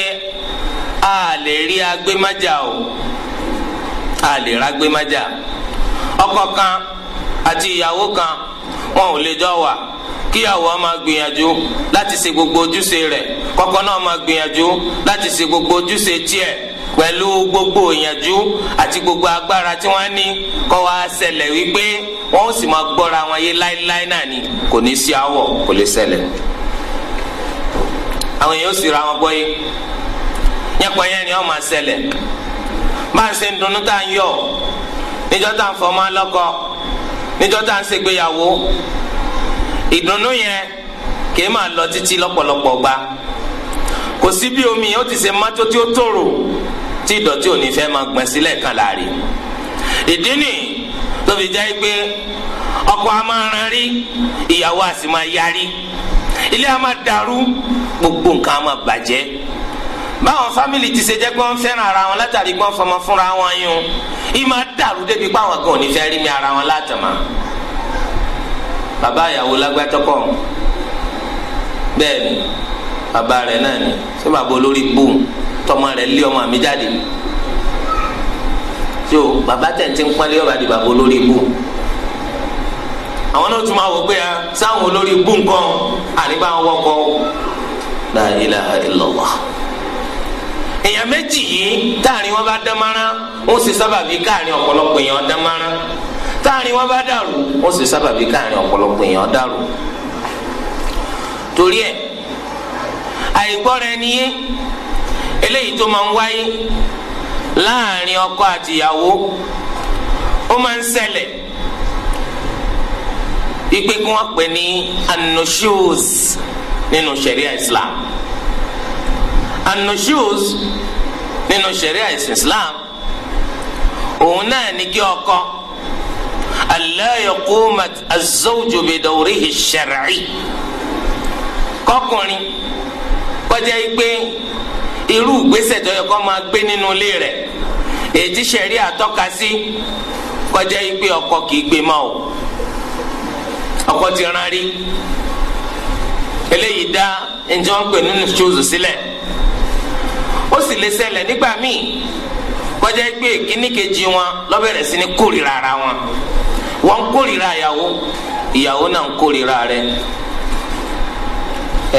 a lè rí agbémájà o a lè rágbé májà ọkọ kan àti ìyàwó kan wọn ò lè jọ wà kíyàwó máa gbìyànjú láti ṣe gbogbo ojúṣe rẹ̀ kọ́kọ́ náà máa gbìyànjú láti ṣe gbogbo ojúṣe tiẹ̀ pẹ̀lú gbogbo ìyànjú àti gbogbo agbára tí wọ́n ní kó wá ṣẹlẹ̀ wípé wọ́n ó sì máa gbọ́ra wọn yé láéláé náà ni kò ní sí àwọ̀ kò lè ṣẹlẹ̀. àwọn èèyàn ó sì ra wọn gbọ́ yé yẹn pọ̀ yẹn ni wọ́n máa ṣẹlẹ̀ bá ń ṣe ń dunnú tá à ń yọ̀ níjọ́ tá à ń fọmọ alọ́kọ níjọ́ tá à ń ṣègbéyàwó ìdùnnú yẹn kìí máa lọ títí lọ́pọ̀lọpọ̀ gba kò sí bí omi yẹn ó ti ṣe mọ́tò tí ó tòrò tí ìdọ̀tí òní fẹ́ máa gbọ̀n sílẹ̀ kan láàrin ìdí nì tó fi jẹ́ pé ọkọ a máa ran rí ìyàwó a sì máa yarí ilé a máa dàrú gbogbo nǹkan a máa bàjẹ́ báwọn fámìlì ti ṣe jẹ́ pé wọ́n fẹ́ràn ara wọn látàrí gbọ́n fọmọ fúnra wọn yún ìmọ̀ dàrú débi pé àwọn kan ò ní fẹ́ rí mi ara wọn látàmá bàbá ìyàwó lágbàtọ́kọ̀ bẹ́ẹ̀ ni bàbá rẹ̀ náà ni ṣé bàbá olórí bù tọmọ rẹ̀ lé ọmọ mi jáde tó bàbá tẹ̀ǹtì ń pọ́nlé ọba di bàbá olórí bù àwọn náà tún máa wọ pé sáwọn ah, olórí bù nǹkan àníbà wọn wọkọ la èèyàn méjì yìí táàrin wọn bá dán mọ́rán wọn sì sábà bí káàrin ọ̀pọ̀lọpọ̀ èèyàn dán mọ́rán táàrin wọn bá dàrú wọn sì sábà bí káàrin ọ̀pọ̀lọpọ̀ èèyàn dàrú torí ẹ̀ àìgbọ́ra ẹni yé eléyìí tó máa ń wáyé láàrin ọkọ àtìyàwó ó máa ń ṣẹlẹ̀ ipe kí wọ́n pè ní anoshus nínú ṣẹ̀ríà Islam anushus nínú ṣẹ̀ríà ìsìn islam òun náà ní kí ọkọ alayakuma azawju bidawrihi shar'i kọkùnrin kọjá igbe irú ìgbésẹ̀ tó yẹ kó máa gbé nínú ilé rẹ̀ ètí ṣẹ̀ríà tọ́ka sí kọjá igbe ọkọ kìí gbé mọ́ o ọkọ ti rán eléyìí dá ẹnjẹ́ wọn pè nínú ṣóòzù sílẹ̀. Si ó sì lè ṣẹlẹ̀ nígbà míì kọjá pé kíní kejì wọn lọ́bẹ̀rẹ̀ sí ní kórìíra ara wọn wọn kórìíra ìyàwó ìyàwó náà ń kórìíra rẹ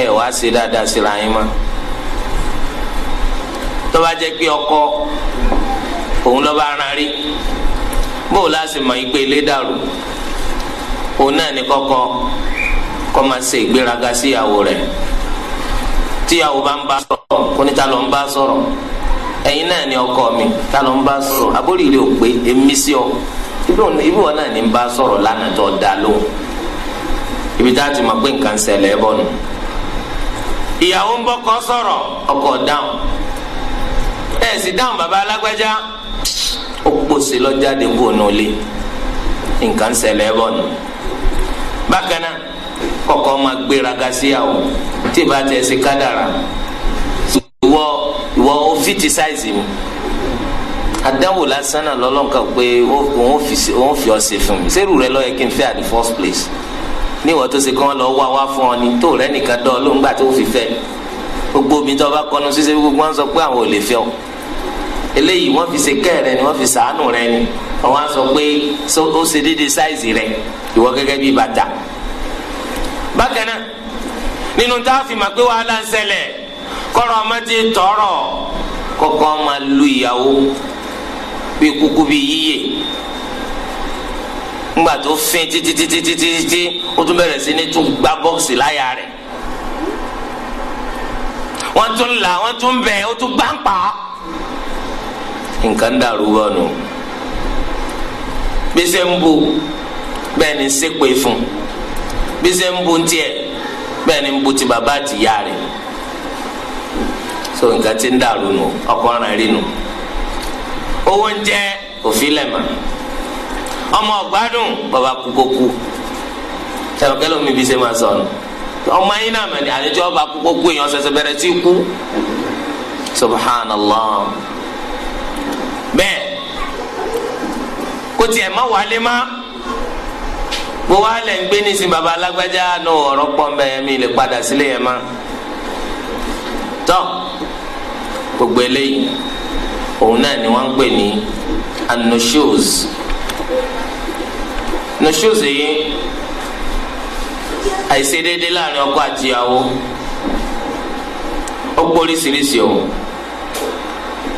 ẹ wá ṣe dáadáa síra yín mọ́ tó bá jẹ́ pé ọkọ òun lọ́ba ara rí bó o láti mọ̀ ipe ilé dàrú òun náà ní kọ́kọ́ kọ́ máa ṣe ìgbéraga síyàwó rẹ̀. tíyàwó bá ń bá sọ̀rọ̀ kó ní ta ló ń bá sọ̀rọ̀ ẹ̀yin náà ni ọkọ mi ta ló ń bá sọ̀rọ̀ àbórí ò pé èmi sí ọ ibi wọn náà ni ń bá sọ̀rọ̀ lánàá tó dá lóhùn ibi tá a ti mọ̀ pé nǹkan ṣẹlẹ̀ bọ̀ nù. ìyàwó ń ọkọ dáhùn sì dáhùn bàbá alágbájá ó lọ́jáde nǹkan ṣẹlẹ̀ bọ̀ kọ̀kọ́ máa gbéraga sí yàwó tí ìbá tẹ̀ ṣe kádàrà ìwọ ìwọ ó fìtìsáìsì mi àdánwò lásán náà lọ́lọ́nkà pé òun fi ọ ṣe fún mi sẹ́rù rẹ lọ́yẹ kí n fẹ́ at the first place ní ìwọ tó ṣe kí wọ́n lọ wá wá fún ọ ní tó rẹ nìkan dán ọ lóun gbà tó fi fẹ́ gbogbo omi tó bá kọnu ṣíṣe gbogbo wọn sọ pé àwọn ò lè fẹ́ ọ eléyìí wọ́n fi ṣe kẹ́ẹ̀rẹ́ ni wọ́n fi ṣàánú rẹ ni wọ́n sọ pé ó ṣe déédéé sáìsì rẹ ìwọ gẹ́gẹ́ bíi bàtà bákan náà nínú tá a fi mà pé wàhálà ń ṣẹlẹ̀ kọ́rọ̀ ọmọ ti tọrọ kọ́kọ́ máa lu ìyàwó bí kúkú bí yíyè ńgbà tó fin títítítítítí ó tún bẹ̀rẹ̀ sí ní tún gbá bọ́ọ̀sì láyà rẹ̀ wọ́n tún là wọ́n tún bẹ̀ ó tún gbáǹpá nǹkan dàrú bọ́ọ̀nù bí sẹ́ ń bu bẹ́ẹ̀ ni sẹ́pẹ́ fún un. bí ṣe ń bu ń tiẹ̀ ni ń ti bàbá àti ìyá so nǹkan ti ń dàrú nù ọkọ̀ràn rí nù owó ń jẹ́ ọmọ ọ̀gbádùn bàbá kúkókú sẹ́wọ̀n omi bí ṣe máa ọmọ yín náà mẹ́ni àlejò ọba kúkókú èèyàn ṣẹ̀ṣẹ̀ bẹ̀rẹ̀ kú subhanallah bẹ́ẹ̀ kò bó wá lẹ̀ ń gbé nísìnyí baba alágbájá nù ọ̀rọ̀ pọ̀ mi lè padà sílé yẹn má tọ́ gbogbo eléyìí òun náà ni wọ́n ń pè ní anoshos noshos yìí àìṣedéédéé láàrin ọkọ àti ó gbóríṣiríṣi o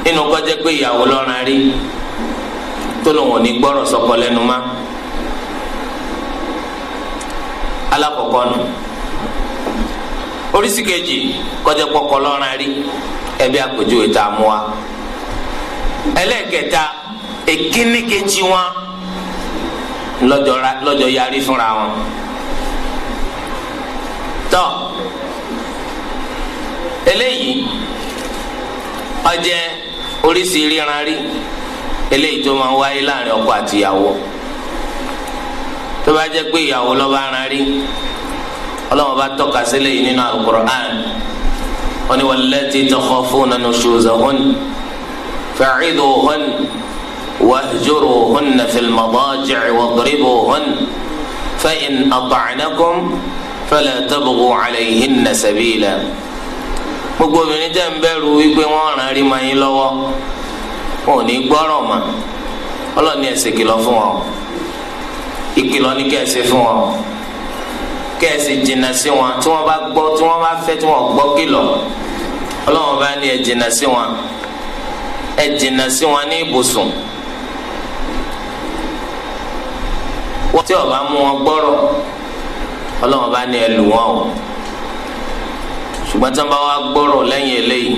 nínú kọjá pé ìyàwó lọ́ràn rí tó lòun ò ní gbọ́rọ̀ sọ́kọ lẹ́nu má alakọ̀kọ́ nu oríṣi kejì kọjá pọkọ lọ́rùn rí ẹbí àpèjúwe tá a mú wa ẹlẹ́ẹ̀kẹta èkíní kejì wọn lọ́jọ́ yarí fúnra wọn tọ́ eléyìí ọjẹ́ oríṣi ríran rí eléyìí tó máa ń wáyé láàrin ọkọ àtìyàwó tó bá jẹ́ pé ìyàwó lọ́ba ara rí ọlọ́wọ́n bá tọ́ka sílẹ̀ yìí nínú alukur'an wọ́n ní wallati takhafuna nushuzahunna fa'iduhunna wahjuruhunna fil madaji'i wadribuhunna fa'in ata'nakum fala tabghu alayhinna sabila gbogbo obìnrin tẹ́ ń bẹ̀rù wípé wọ́n ràn rí mayín lọ́wọ́ wọn ò ní gbọ́rọ̀ mọ́ ọlọ́ni ẹ̀sìn kìlọ̀ fún wọn ìkìlọ̀ ní kẹ́ẹ̀sì fún wọn kẹ́ẹ̀sì jìnnà sí wọn tí wọ́n bá gbọ́ tí wọ́n bá fẹ́ tí wọ́n gbọ́ kìlọ̀ ọlọ́wọ́n bá ní ẹ jìnnà sí wọn ẹ jìnnà sí wọn ní ibùsùn wọ́n tí ọba mú wọn gbọ́rọ̀ ọlọ́wọ́n bá ní ẹ lù wọn o ṣùgbọ́n tí wọ́n bá wá gbọ́rọ̀ lẹ́yìn eléyìí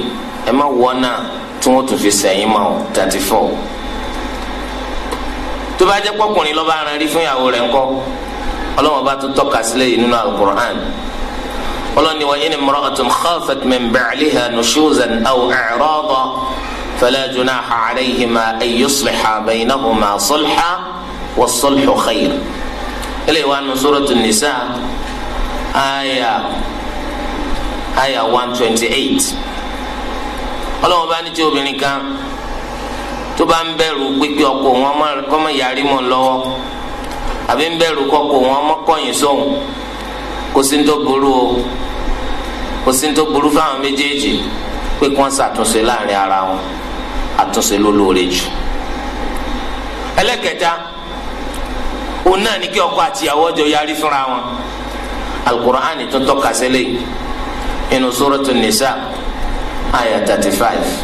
ẹ má wọ́n náà tí wọ́n tún fi sẹ́yìn mọ́ thirty four tó bá jẹ́ pọ́kùnrin lọ́ba aran rí fún ìyàwó rẹ̀ ńkọ́ ọlọ́wọ́n bá tó tọ́ka sílẹ̀ yìí nínú alukur'an ọlọ́ni wa in imra'atun khafat min ba'liha nushuzan aw i'rada fala junaha alayhima an yusliha baynahuma sulha wa sulhu khayr eléyìí wà nù suratu nisa aya aya one twenty eight ọlọ́wọ́n bá ní tí obìnrin kan. tó bá ń bẹ̀rù pípé ọkọ wọn kọ́mọ yarí mọ́ lọ́wọ́ àbí ń bẹ̀rù kọ́kọ́ wọn mọ́kànyìn sóhun kò sí ní tó burú o kò sí ní tó burú fáwọn méjèèjì pé kí wọ́n ṣàtúnṣe láàrin ara wọn àtúnṣe ló lóore jù ẹlẹ́kẹta òun náà kí ọkọ àtìyàwó jọ yarí fúnra wọn alukur'an tó tọ́ka sílẹ̀ inú sóràtún nìsa thirty five.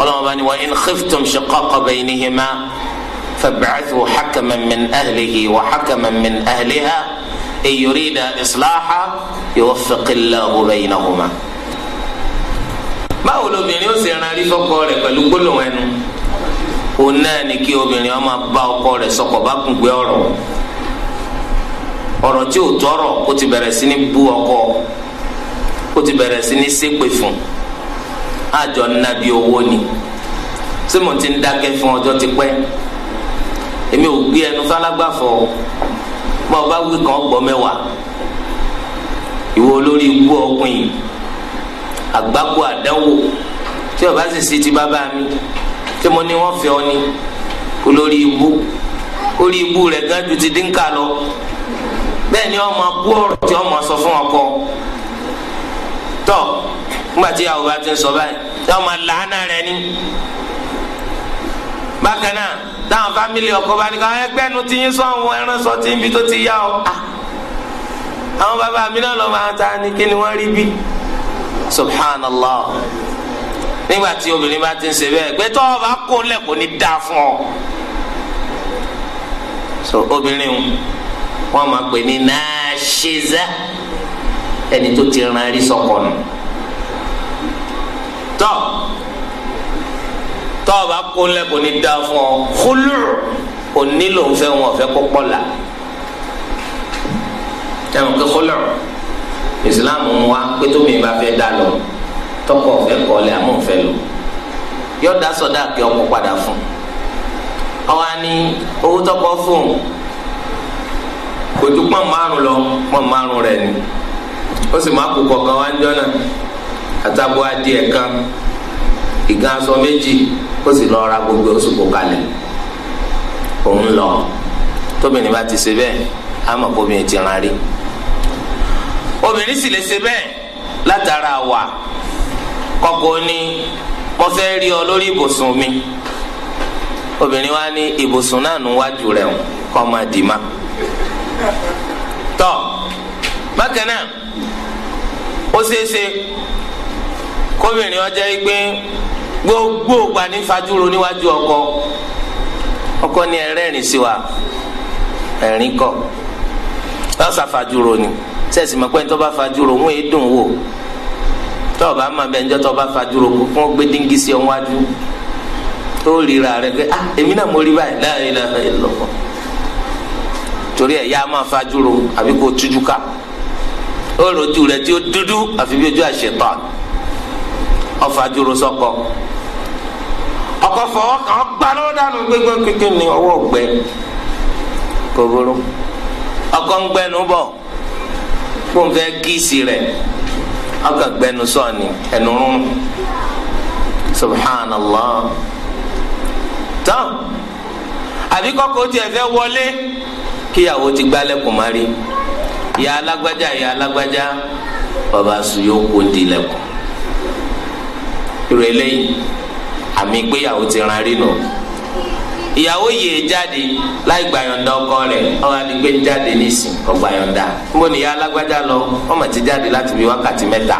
ọlọ́wọ́n bá ní wa in khiftum shiqaqa baynihima fab'athu hakaman min ahlihi wa hakaman min ahliha in yurida islaha yuwaffiqillahu baynahuma. báwo lobìnrin ó sì ran rí fọ́kọ rẹ̀ pẹ̀lú gbólóhùn ẹnu òun náà ni kí obìnrin ó máa bá ọkọ rẹ̀ sọkọ bá kùn gbé ọ̀rọ̀ ọ̀rọ̀ tí ò tọrọ ó ti bẹ̀rẹ̀ sí ní bú ọkọ ó ti bẹ̀rẹ̀ sí ní ṣépè fún un àjọ nàbí owó ni ṣé mo ti ń dákẹ́ fún ọjọ́ ti pẹ́ èmi ò gbé ẹnu falágbàfọ̀ bá ọba wí kan gbọ́ mẹ́wàá ìwọ olórí ikú ọkùn yìí àgbákò àdánwò tí ọba sì sí ti bàbá mi tí mo ní wọ́n fẹ́ ọ ni olórí ibú orí ibú rẹ̀ gan ju ti dínkà lọ bẹ́ẹ̀ ni ọmọ kú ọ̀rọ̀ tí ọmọ sọ fún ọkọ tọ́ nígbà tí àwọn bá ti ń sọ báyìí táwọn máa làánà rẹ ni bákan náà táwọn fámìlì ọkọ bá ní ká ẹgbẹ́ nu ti yín sọ àwọn ẹran sọ ti ń bi tó ti yá ọ ah. àwọn bàbá mi náà lọ máa ta ni kí ni wọ́n rí bí subhanallah nígbà tí obìnrin bá ti ń ṣe bẹ́ẹ̀ pé tọ́wọ́ bá kó lẹ́kọ̀ọ́ ní dáa fún ọ so obìnrin o wọ́n máa pè ní náà ṣe zá ẹni tó ti rán rí sọkọ nù. So, tọ́ tọ́ọ̀bà kúnlẹ̀ kò ní da fún ọ kúlù kò nílò nfẹ́ wọn ọ̀fẹ́ pọ́pọ́ la ẹ̀wọ̀n kí kúlù ìsìláàmù ń wá pé tómi bá fẹ́ dá lọ tọkọ ọ̀fẹ́ kọ́lẹ̀ àmọ́ ọ̀fẹ́ lò yọ̀dá sọ̀dá kí ọkọ padà fún ọwọ́ ni owó tọkọ fún kò ju pọ́n márùn lọ pọ́n márùn rẹ̀ ni ó sì má kú kọ̀ọ̀kan wá ń jọ́ náà àtàbọ adìẹ kan ìgàn aṣọ méjì kó sì lọ ra gbogbo oṣù kó kalẹ̀ òun lọ tóbìnrin bá ti ṣe bẹ́ẹ̀ àmọ́ kóbìnrin ti rán rí obìnrin sì lè ṣe bẹ́ẹ̀ látara wà kọ́kọ́ ní mo fẹ́ rí ọ lórí ibùsùn mi obìnrin wa ní ibùsùn náà nù wájú rẹ̀ kọ́ máa dì má tọ́ bákan náà ó ṣeé ṣe kóbìnrin ọjọ́ yìí pé gbogbo ògbà ní fajúro níwájú ọkọ ọkọ ni ẹrẹ́rìn sí wa ẹ̀rín kọ lọ́sà fajúro ni sẹ́ẹ̀sì mọ̀ pé ní tó bá fajúro ń dùn wò tó o bá máa bẹ ǹjọ́ tó o bá fajúro kó kó gbé díngí sí ọ wájú tó ríra rẹ pé ah èmi náà mo rí báyìí láàrin náà ẹ lọ́kọ̀ torí ẹ̀ yá a máa fajúro àbí kó o tújú ká o rojú rẹ tí o dúdú àfi bí ojú àṣetán. ọfàdúró sọkọ ọkọ fọwọ́ kàn gbàrọ dànù gbégbé kékeré ní ọwọ́ gbẹ kòbóró ọkọ ń gbẹnu bọ kó n fẹ́ kíìsì rẹ ọkọ gbẹnu sọọni ẹnu rún subhanallah tán àbí kọ́kọ́ tiẹ̀ fẹ́ wọlé kíyàwó ti gbálẹ̀kùn má rí ìyá alágbájá ìyá alágbájá bàbá sùn yóò kó di lẹ̀kùn. irú eléyìí àmì ìgbéyàwó ti ran rí nù ìyàwó yìí jáde láì gbàyọ̀ǹda ọkọ rẹ̀ ọ̀rọ̀ adigun ń jáde nísìn ọ̀gbàyọ̀ǹda níbo ni ìyá alágbájá lọ ọmọ ti jáde láti bí wákàtí mẹ́ta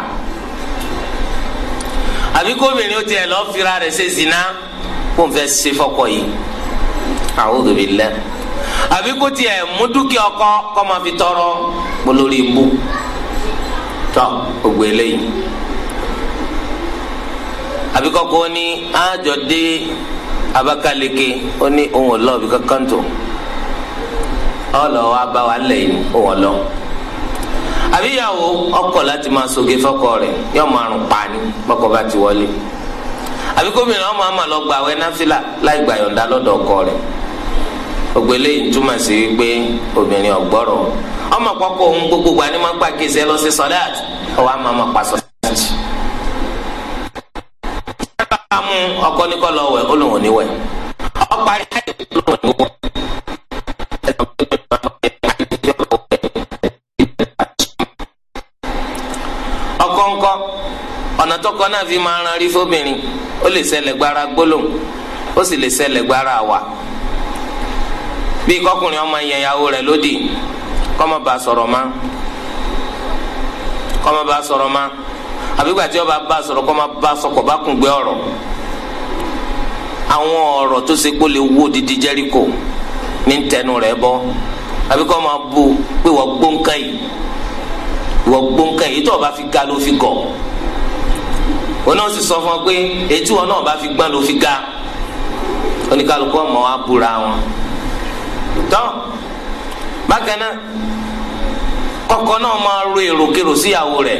àbí kóbìnrin ó tiẹ̀ lọ́ọ́ fira rẹ̀ ṣe zina kó n fẹ́ ṣe fọ́kọ yìí a'udhu billah àbí kó tiẹ̀ mú dúkìá ọkọ kó máa fi tọrọ polórí ibú tọ́ gbogbo eléyìí. àbí kọ́kọ́ ó ní àjọ dé Abakaliki ó ní ohun lọ kankan tó ọlọ wa bá wa lẹ yìí òun láti máa soge fọ́kọ rẹ̀ yóò máa rùn pani bá ti wọlé àbí gómìnà ọmọ àmà lọ gba náfìlà láì gbà yọ̀ǹda lọ́dọ̀ ọkọ rẹ̀ gbogbo eléyìí túmọ̀ sí gbogbo máa ń lọ ká mú ọkọ ní kọ́ lọ wẹ̀ ó lòun ò ní wẹ̀ ọ parí láti ní ọkọ ọ̀nà tọkọ náà fi máa ran rí fóbìnrin ó lè ṣẹlẹ̀ gbára gbólóhùn ó sì lè ṣẹlẹ̀ gbára àwà bí kọkùnrin ọmọ rẹ̀ lódì kọ́mọba sọ̀rọ̀ ma kọ́mọba sọ̀rọ̀ ma. àbígbà tí ọba bá sọ̀rọ̀ kọ́ máa bá sọkọ̀ bá kùn gbé ọ̀rọ̀ àwọn ọ̀rọ̀ tó ṣe kó lè wó didi Jẹ́ríkò ní tẹnu rẹ̀ bọ́ àbí kọ́ máa bu pé wọ́n gbóǹkà yìí wọ́n gbóǹkà yìí tó o bá fi ga ló fi gọ̀ wọn náà sì sọ fún ọ pé etí wọn náà bá fi gbọ́n ló fi ga oníkálukú ọmọ wa búra wọn tọ́ bákan náà kọ́kọ́ náà máa ro èrò kérò síyàwó rẹ̀.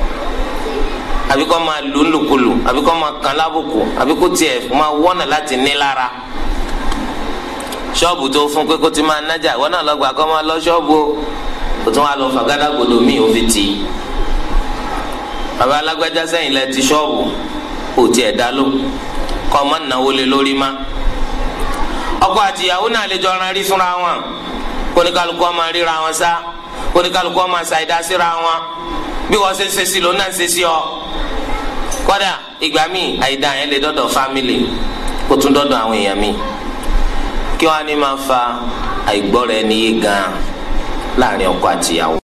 àbí kọ́ máa lò ńlòkulò àbí kọ́ máa kàn lábùkù àbí kó tiẹ̀ máa wọ́nà láti ní lára ṣọ́ọ̀bù tó fún pé kó ti máa nájà ìwọ náà lọ́gbà kọ́ máa lọ ṣọ́ọ̀bù o tún wá lọ fàgádágodo míì ó fi tì í bàbá alágbájá sẹ́yìn lẹ ti ṣọ́ọ̀bù ò tiẹ̀ dá ló kọ́ ọ má náwó lé lórí má ọkọ àtìyàwó náà lè jọ ran rí fúnra wọn kóníkàlùkù ọmọ ríra wọn sá kóníkàlùkù ọmọ ṣàìdá wọn bí wọ́n ṣe ṣe sí lónà ń ṣe sí ọ kódà ìgbà míì àìdá yẹn lè dọ́dọ̀ fámìlì kó tún dọ́dọ̀ àwọn èèyàn míì kí wọ́n á ní máa fa àìgbọ́ra ẹni yé gan-an láàrin ọkọ àtìyàwó